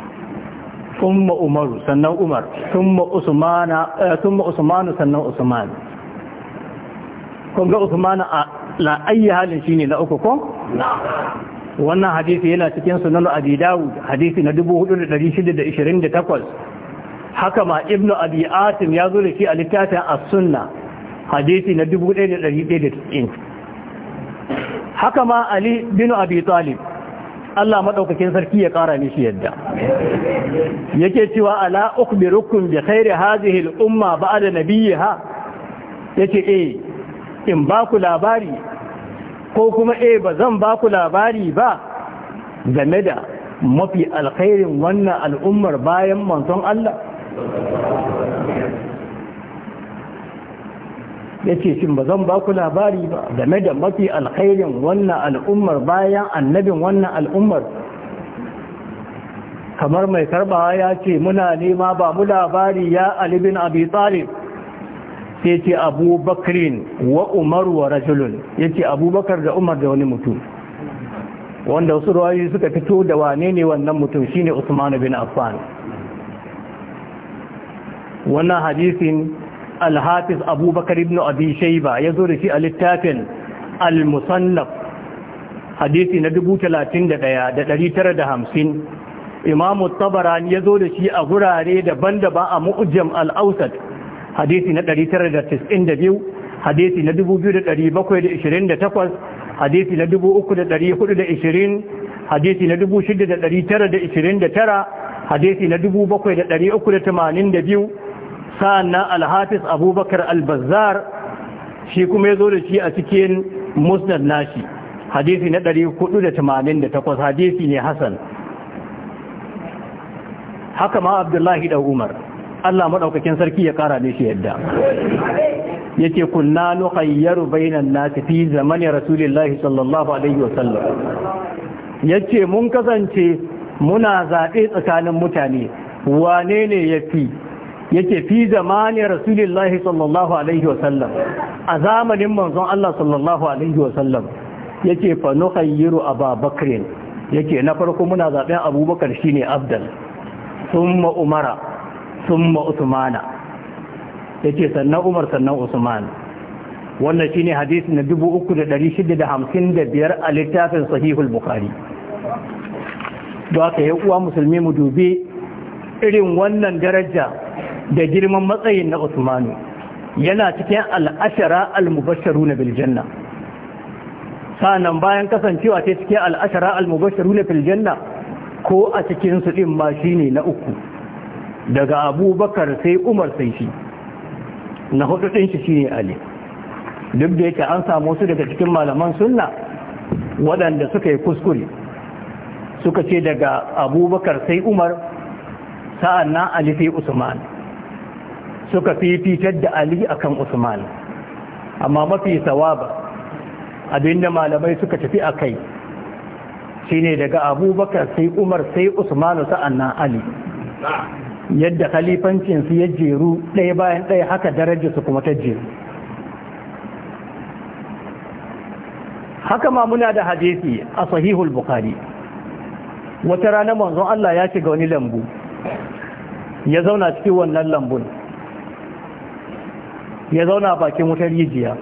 Umma umaru sannan umar thumma usmana eh, usmanu sannan usmanu kun ga Usman a la'ayi halin shine na uku ko wannan hadisi yana cikin sunan Abi Dawud hadisi na 4628 haka ma Ibn Abi Asim ya zo da shi a littafin As-Sunna hadisi na 1190 haka ma Ali bin Abi Talib Allah madaukakin sarki ya kara mishi yadda yake cewa ala ukhbirukum bi khairi hadhihi al-umma ba'da nabiyha yake eh in ba ku labari ko kuma eh ba zan ba ku labari ba game da mafi alkhairin wannan al'ummar bayan manzon Allah ya ce shi ba zan ba ku labari ba game da mafi alkhairin wannan al'ummar bayan annabin wannan al'ummar kamar mai karbawa ya ce muna nema ba mu labari ya alibin abi talib sai ce abu bakirin wa umar wa rajulun ya ce abubakar da umar da wani mutum wanda wasu ruwayoyi suka fito da wane ne wannan mutum shine usman bin affan wannan hadisin alhafiz abubakar ibn abi shaiba ya zo da shi a littafin al-musannaf hadisi na dubu da tara 31950 imamu tabarani ya zo da shi a gurare daban-daban a mu'jam al-ausat hadisi na 992 hadisi na 2728 hadisi na 3420 hadisi na 6929 hadisi na 7382 al-hafiz abubakar al-bazzar shi kuma ya zo da shi a cikin musnad nashi hadisi na 488 hadisi ne hasan haka ma abdullahi da umar Allah maɗaukakin sarki ya ƙara mishi yadda yake kunna nukhayyaru bainan nasi fi zamani rasulillahi sallallahu alaihi wasallam yace mun kasance muna zaɓe tsakanin mutane wane ne ya fi yake fi zamanin rasulillahi sallallahu alaihi wasallam a zamanin manzon Allah sallallahu alaihi wasallam yake fa nukhayyiru ababakrin yake na farko muna zaɓen abubakar ne abdal thumma umara summa usmana yace sannan umar sannan usman wannan shine hadisi na 3655 a littafin sahihul bukhari don ya uwa musulmi mu dubi irin wannan daraja da girman matsayin na usman yana cikin al'ashara al na biljanna sanan bayan kasancewa ta cikin al'ashara al-mubasharu na biljanna ko a cikin su ɗin ma shine na uku daga abubakar sai umar sai shi na hudu ɗin shi shine ali duk da yake an samu su daga cikin malaman sunna waɗanda suka yi kuskure suka ce daga abubakar sai umar sa'an na ali sai usman suka fifitar da ali akan usman amma mafi sawaba abinda malamai suka tafi a kai shine daga abubakar sai umar sai usman sa'an na ali yadda khalifancinsu ya jeru ɗaya bayan ɗaya haka su kuma ta jeru haka ma muna da hadisi a sahihul bukhari wata rana manzon Allah ya shiga wani lambu ya zauna cikin wannan lambun ya zauna bakin wutar rijiya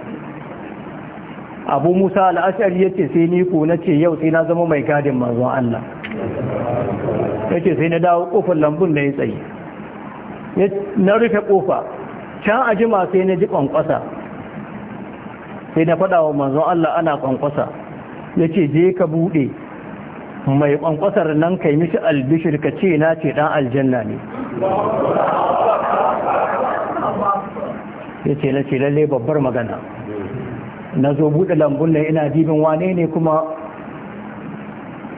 abu musa al'ashari ya ce sai ni na ce yau sai na zama mai gadin mazu Allah ya ce sai na dawo kofar lambun da ya tsaye na rufe kofa can a jima sai na ji kwankwasa sai na faɗa wa mazu Allah ana kwankwasa ya ce je ka buɗe mai kwankwasar nan kai mishi albishir ka ce na ce ɗan aljanna ne ya ce na ce lalle babbar magana na zo buɗe lambun nan ina dibin wane ne kuma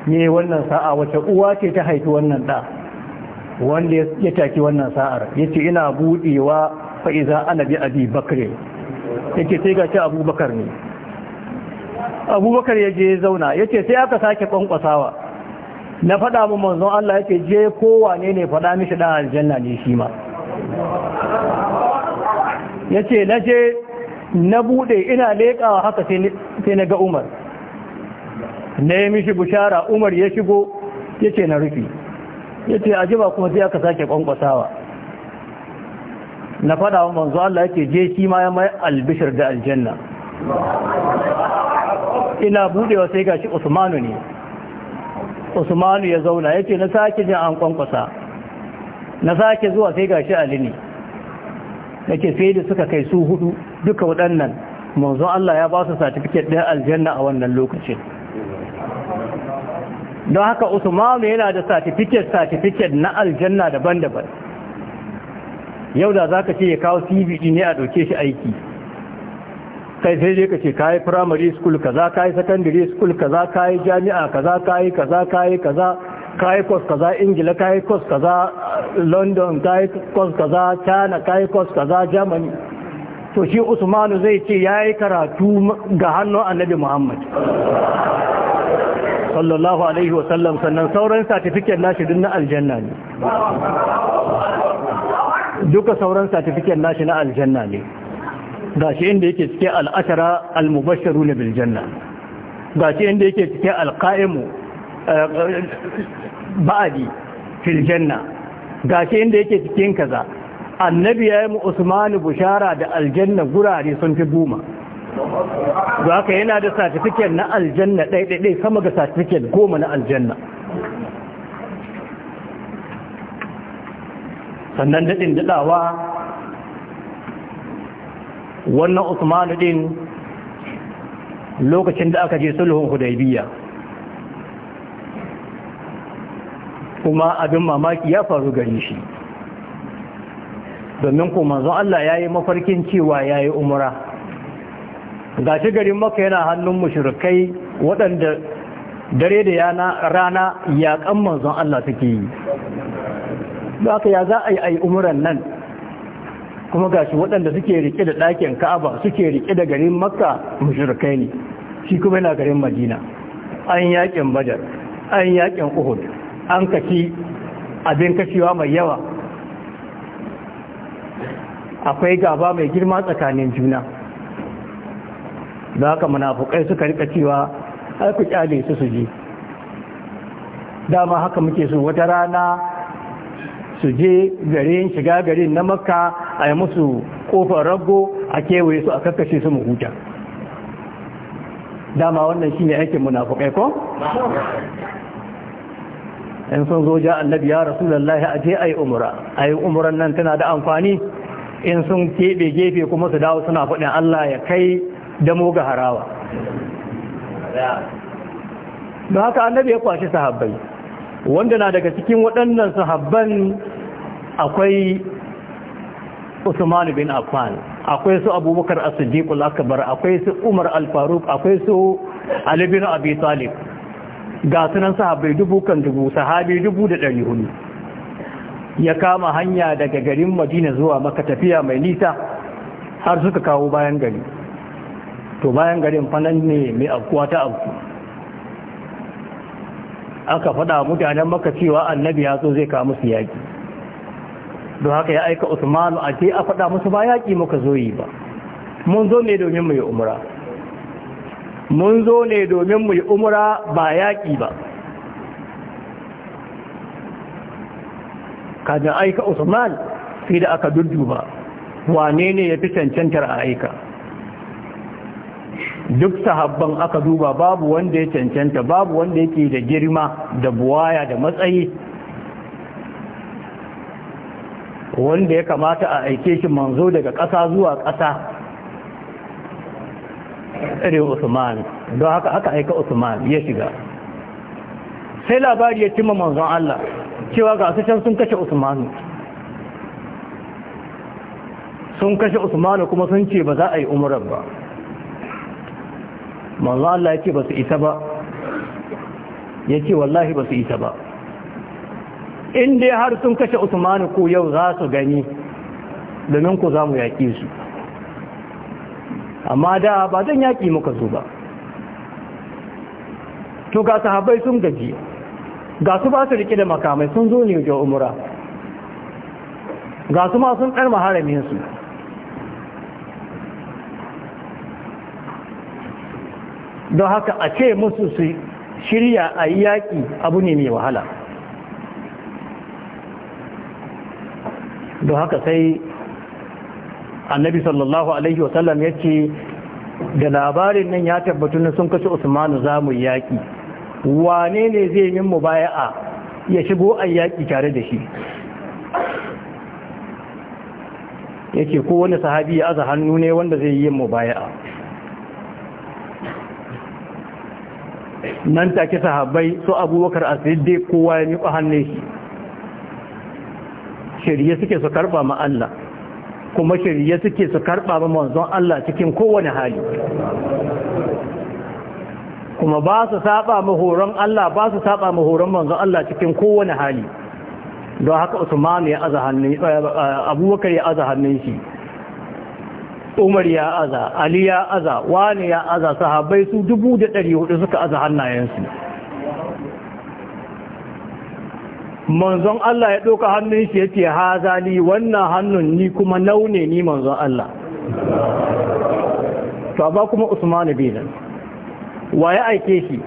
ne wannan sa'a wace uwa ce ta haifi wannan ɗa wanda ya taki wannan sa'ar ya ce ina buɗewa fa'iza Anabi, abi bakare ya ce sai ga abubakar ne abubakar ya je zauna ya ce sai aka sake ƙwanƙwasawa na faɗa mu manzon Allah ya ce je kowane ne faɗa mishi ɗan aljanna ne shi ma ya ce na je na bude ina leƙawa haka sai na ga umar na yi mishi bushara umar ya shigo ya ce na rufi ya ce a jiba kuma sai aka sake kwankwasawa na fada wa manzo Allah yake je shi ma ya mai albishir da aljanna ina budewa sai gashi usmanu ne usmanu ya zauna ya ce na sake jin an kwankwasa na sake zuwa sai gashi ali ne yake sai da suka kai su hudu duka waɗannan manzo Allah ya ba su certificate ɗin aljanna a wannan lokacin don haka usmanu yana da certificate certificate na aljanna daban-daban yau da za ka ce ya kawo cv ne a ɗauke shi aiki kai sai dai ka ce kayi primary school kaza kayi secondary school kaza kayi jami'a kaza kayi kaza kayi kaza kayi course kaza ingila kayi course kaza london kayi course kaza china kayi course kaza germany to shi usmanu zai ce ya yi karatu ga hannun annabi muhammad sallallahu alaihi wasallam sannan sauran satifiket nashi duk na aljanna ne duka sauran satifiket nashi na aljanna ne ga shi inda yake cike al'ashara al mubasharu na biljanna ga shi inda yake cike alƙa'imu eh, ba'adi filjanna ga shi inda yake cikin kaza annabi ya yi mu usmanu bushara da aljanna gurare sun fi goma za ka yana da satifiken na aljanna ɗaiɗaiɗe sama ga satifiken goma na aljanna sannan daɗin daɗawa wannan usmanu ɗin lokacin da aka je sulhun hudaybiya kuma abin mamaki ya faru gani shi domin ku manzon Allah ya yi mafarkin cewa ya yi umura ga shi garin maka yana hannun mushrikai waɗanda dare da yana rana kan manzon Allah suke yi da aka ya za a yi a yi umuran nan kuma ga shi waɗanda suke rike da ɗakin ka'aba suke rike da garin makka mushrikai ne shi kuma yana garin madina an yaƙin badar an yaƙin uhud an kaci abin kashewa mai yawa akwai gaba mai girma tsakanin juna da haka munafukai suka rika cewa ai kyale su su je dama haka muke so wata rana su je garin shiga garin na makka a yi musu kofar rago a kewaye su a kakkashe su mu huta dama wannan shi ne aikin munafukai ko? in sun zo ja annabi ya rasulallah a je a yi umura a yi umuran nan tana da amfani in sun keɓe gefe kuma su dawo suna faɗin Allah ya kai damo ga harawa Da haka annabi ya kwashi sahabbai wanda na daga cikin waɗannan sahabban akwai Usmanu bin Affan akwai su Abubakar asidikul akabar, akwai su Umar al-Faruq akwai su Ali Abi Talib ga sunan sahabbai dubu kan dubu sahabi dubu da ɗari hudu ya kama hanya daga garin madina zuwa maka tafiya mai nisa har suka kawo bayan gari to bayan garin fanan ne mai abuwa ta abu aka faɗa mutanen maka cewa annabi ya zo zai kawo musu yaƙi don haka ya aika usmanu a ce a faɗa musu ba yaƙi muka zo yi ba mun zo ne domin mu yi umura mun zo ne domin mu yi umura ba yaƙi ba kafin aika usman sai da aka dudduba wane ne ya fi cancantar a aika duk sahabban aka duba babu wanda ya cancanta babu wanda yake da girma da buwaya da matsayi wanda ya kamata a aike shi manzo daga ƙasa zuwa ƙasa irin usman don haka aka aika usman ya shiga sai labari ya cimma manzon Allah cewa ga can sun kashe usmanu sun kashe usmanu kuma sun ce ba za a yi umarar ba manzo Allah ya ce ba su isa ba ya ce wallahi ba su isa ba inda har sun kashe usmanu ko yau za su gani domin ku za mu yaƙi su amma da ba zan yaƙi muka zo ba to ga sahabai sun gaji ga su ba su rike da makamai sun zo ne ga umura ga su ma sun ɗan maharaminsu don haka a ce musu su shirya a yi yaƙi abu ne mai wahala don haka sai annabi sallallahu alaihi wasallam ya ce da labarin nan ya tabbatun sun kashe usmanu za mu yaƙi wane ne zai min a ya shigo a yaƙi tare da shi yake ko wani sahabi ya aza hannu ne wanda zai yi a nan take sahabbai su abubakar a sidde kowa ya miƙa hannun shi shirye suke su karɓa ma Allah kuma shirye suke su karɓa ma manzon Allah cikin kowane hali kuma ba su saba mahoron Allah ba su saba mahoron manzon Allah cikin kowane hali don haka Usman ya aza Abu eh, eh, Abubakar ya aza hannun shi Umar ya aza Ali ya aza wani ya aza sahabbai su dubu da ɗari hudu suka aza hannayensu manzon Allah ya ɗauka hannun shi ya ce hazali wannan hannun ni kuma naune ni manzon Allah to ba kuma Usman bin nan wa ya aike shi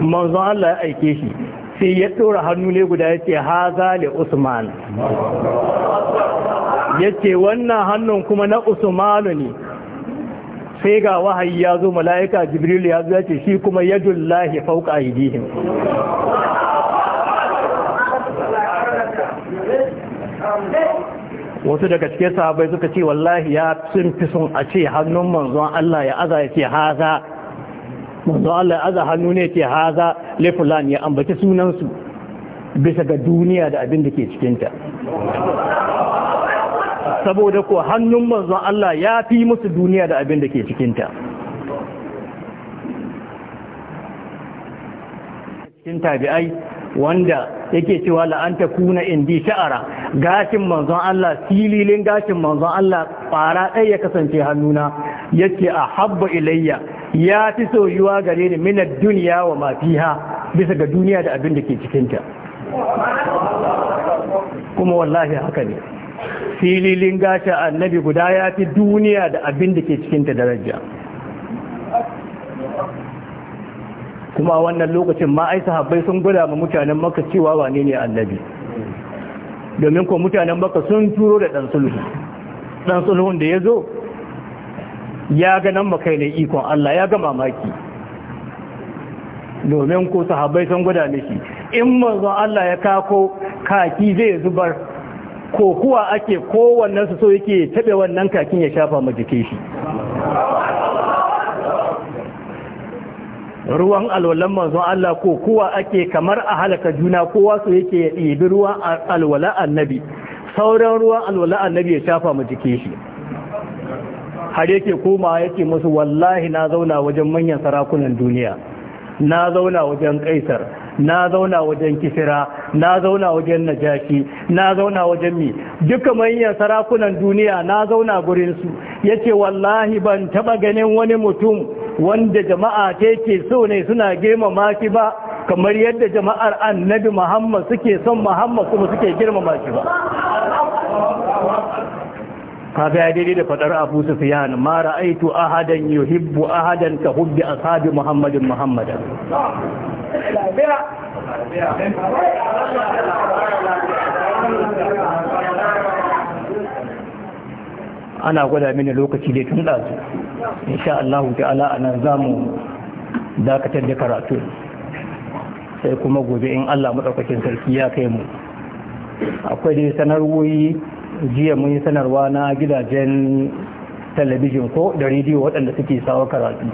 manzon Allah ya aike shi sai ya ɗora hannu ne guda yace, "Ha haza da usman yace wannan hannun kuma na usmanu ne sai ga wahayi ya zo mala'ika jibril ya zo ya shi kuma yadullahi fauka aydihim wasu daga cikin sahabai suka ce wallahi ya sun fi sun a ce hannun manzon Allah ya aza ya ce haza manzo Allah ya aza hannu ne ce haza lefulan ya ambaci sunansu bisa ga duniya da abin da ke cikin saboda ko hannun manzo Allah ya fi musu duniya da abin da ke cikin ta cikin tabi'ai wanda yake cewa la'anta kuna indi sha'ara gashin manzon Allah sililin gashin manzon Allah fara ɗaya ya kasance hannuna yake a habba ilayya ya fi soyuwa gare ni mina duniya wa mafiha bisa ga duniya da abin da ke cikinta kuma wallahi haka ne fililin gashin annabi guda ya fi duniya da abin da ke cikinta daraja kuma wannan lokacin ma ai sahabbai sun gwada ma mutanen maka cewa wane ne annabi domin ko mutanen maka sun turo da dan sulhu dan sulhun da ya zo ya ga nan makai ne ikon Allah ya ga mamaki domin ko sahabbai sun guda mishi in manzon Allah ya kako kaki zai zubar ko kuwa ake kowannen su so yake tabe wannan kakin ya shafa ma jike shi ruwan alwalan manzon Allah ko kuwa ake kamar a halaka juna kowa so yake ya ɗibi ruwan alwala annabi sauran ruwan alwala annabi ya shafa ma jike shi har yake koma yake musu wallahi na zauna wajen manyan sarakunan duniya na zauna wajen kaisar na zauna wajen kisira na zauna wajen najashi na zauna wajen mi duka manyan sarakunan duniya na zauna gurin su yace wallahi ban taba ganin wani mutum wanda jama'a ta ke so ne suna girmama shi ba kamar yadda jama'ar annabi muhammad suke son muhammad kuma suke girmama shi ba kafa ya daidai da fadar abu sufyan ma ra'aitu ahadan yuhibbu ahadan ka hubbi ashabi muhammadin muhammadan ana gwada mini lokaci dai tun ɗazu insha Allah ta'ala a nan za mu dakatar da karatu sai kuma gobe in Allah maɗaukakin sarki ya kai mu akwai dai sanarwoyi jiya mun yi sanarwa na gidajen talabijin ko da rediyo waɗanda suke sawa karatu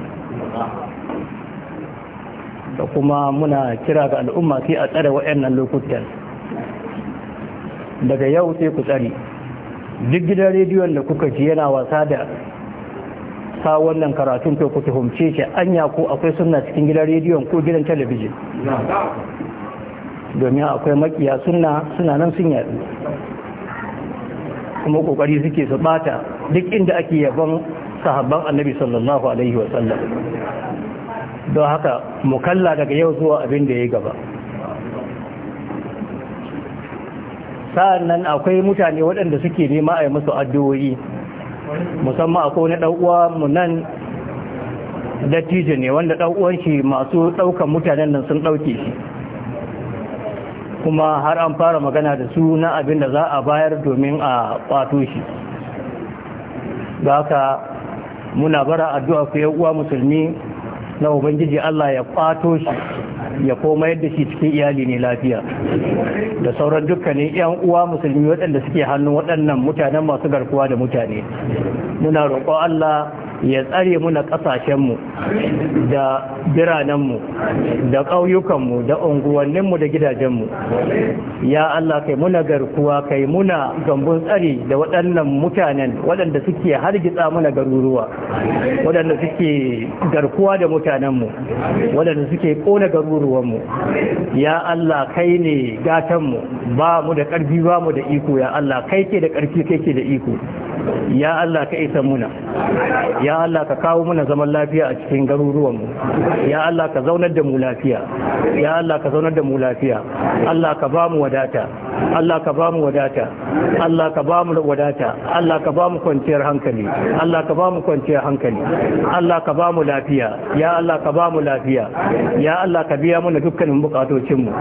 da kuma muna kira ga al'umma sai a tsare waɗannan lokutan daga yau sai ku tsare duk gidan rediyon da kuka ji yana wasa da sa wannan karatun to ku tuhumce shi anya ko akwai sunna cikin gidan rediyon ko gidan talabijin domin akwai makiya sunna suna nan sun kuma kokari suke su bata duk inda ake yabon sahabban annabi sallallahu alaihi wasallam don haka mu kalla daga yau zuwa abin da ya gaba sa'annan akwai mutane waɗanda suke nema a yi musu addu'o'i musamman akwai wani ɗan'uwa mu nan dattijo ne wanda ɗan'uwan shi masu ɗaukan mutanen nan sun ɗauke shi kuma har an fara magana da su na abin da za a bayar domin a kwato shi ba ka muna bara addu'a ku uwa musulmi na ubangiji Allah ya kwato shi ya koma yadda shi cikin iyali ne lafiya da sauran dukkanin yan uwa musulmi waɗanda suke hannun waɗannan mutanen masu garkuwa da mutane muna roƙon Allah ya tsare muna ƙasashenmu da biranenmu da ƙauyukanmu da unguwanninmu da gidajenmu ya Allah kai muna garkuwa kai muna gambun tsari da waɗannan mutanen waɗanda suke hargitsa muna garuruwa waɗanda suke garkuwa da mutanenmu waɗanda suke ƙona garuruwanmu ya Allah kai ne gatanmu ba mu da ƙarfi ba mu da iko ya Allah kai ke da ƙarfi kai ke da iko ya Allah ka isa muna ya ya Allah ka kawo mana zaman lafiya a cikin garuruwanmu. mu ya Allah ka zaunar da mu lafiya ya Allah ka zaunar da mu lafiya Allah ka ba mu wadata Allah ka ba mu wadata Allah ka ba mu wadata Allah ka ba mu kwanciyar hankali Allah ka ba mu kwanciyar hankali Allah ka ba mu lafiya ya Allah ka ba mu lafiya ya Allah ka biya mana dukkanin bukatocin mu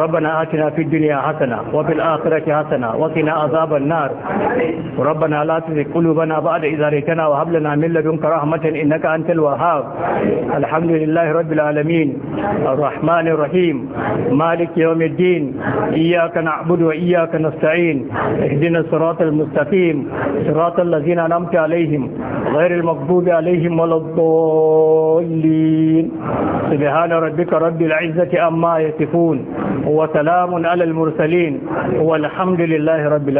rabbana atina fid dunya hasana wa fil akhirati hasana wa qina azaban nar rabbana la tuzigh qulubana ba'da idh hadaytana wa hab lana min لدنك رحمة إنك أنت الوهاب الحمد لله رب العالمين الرحمن الرحيم مالك يوم الدين إياك نعبد وإياك نستعين اهدنا الصراط المستقيم صراط الذين أنعمت عليهم غير المغضوب عليهم ولا الضالين سبحان ربك رب العزة أما يصفون وسلام على المرسلين والحمد لله رب العالمين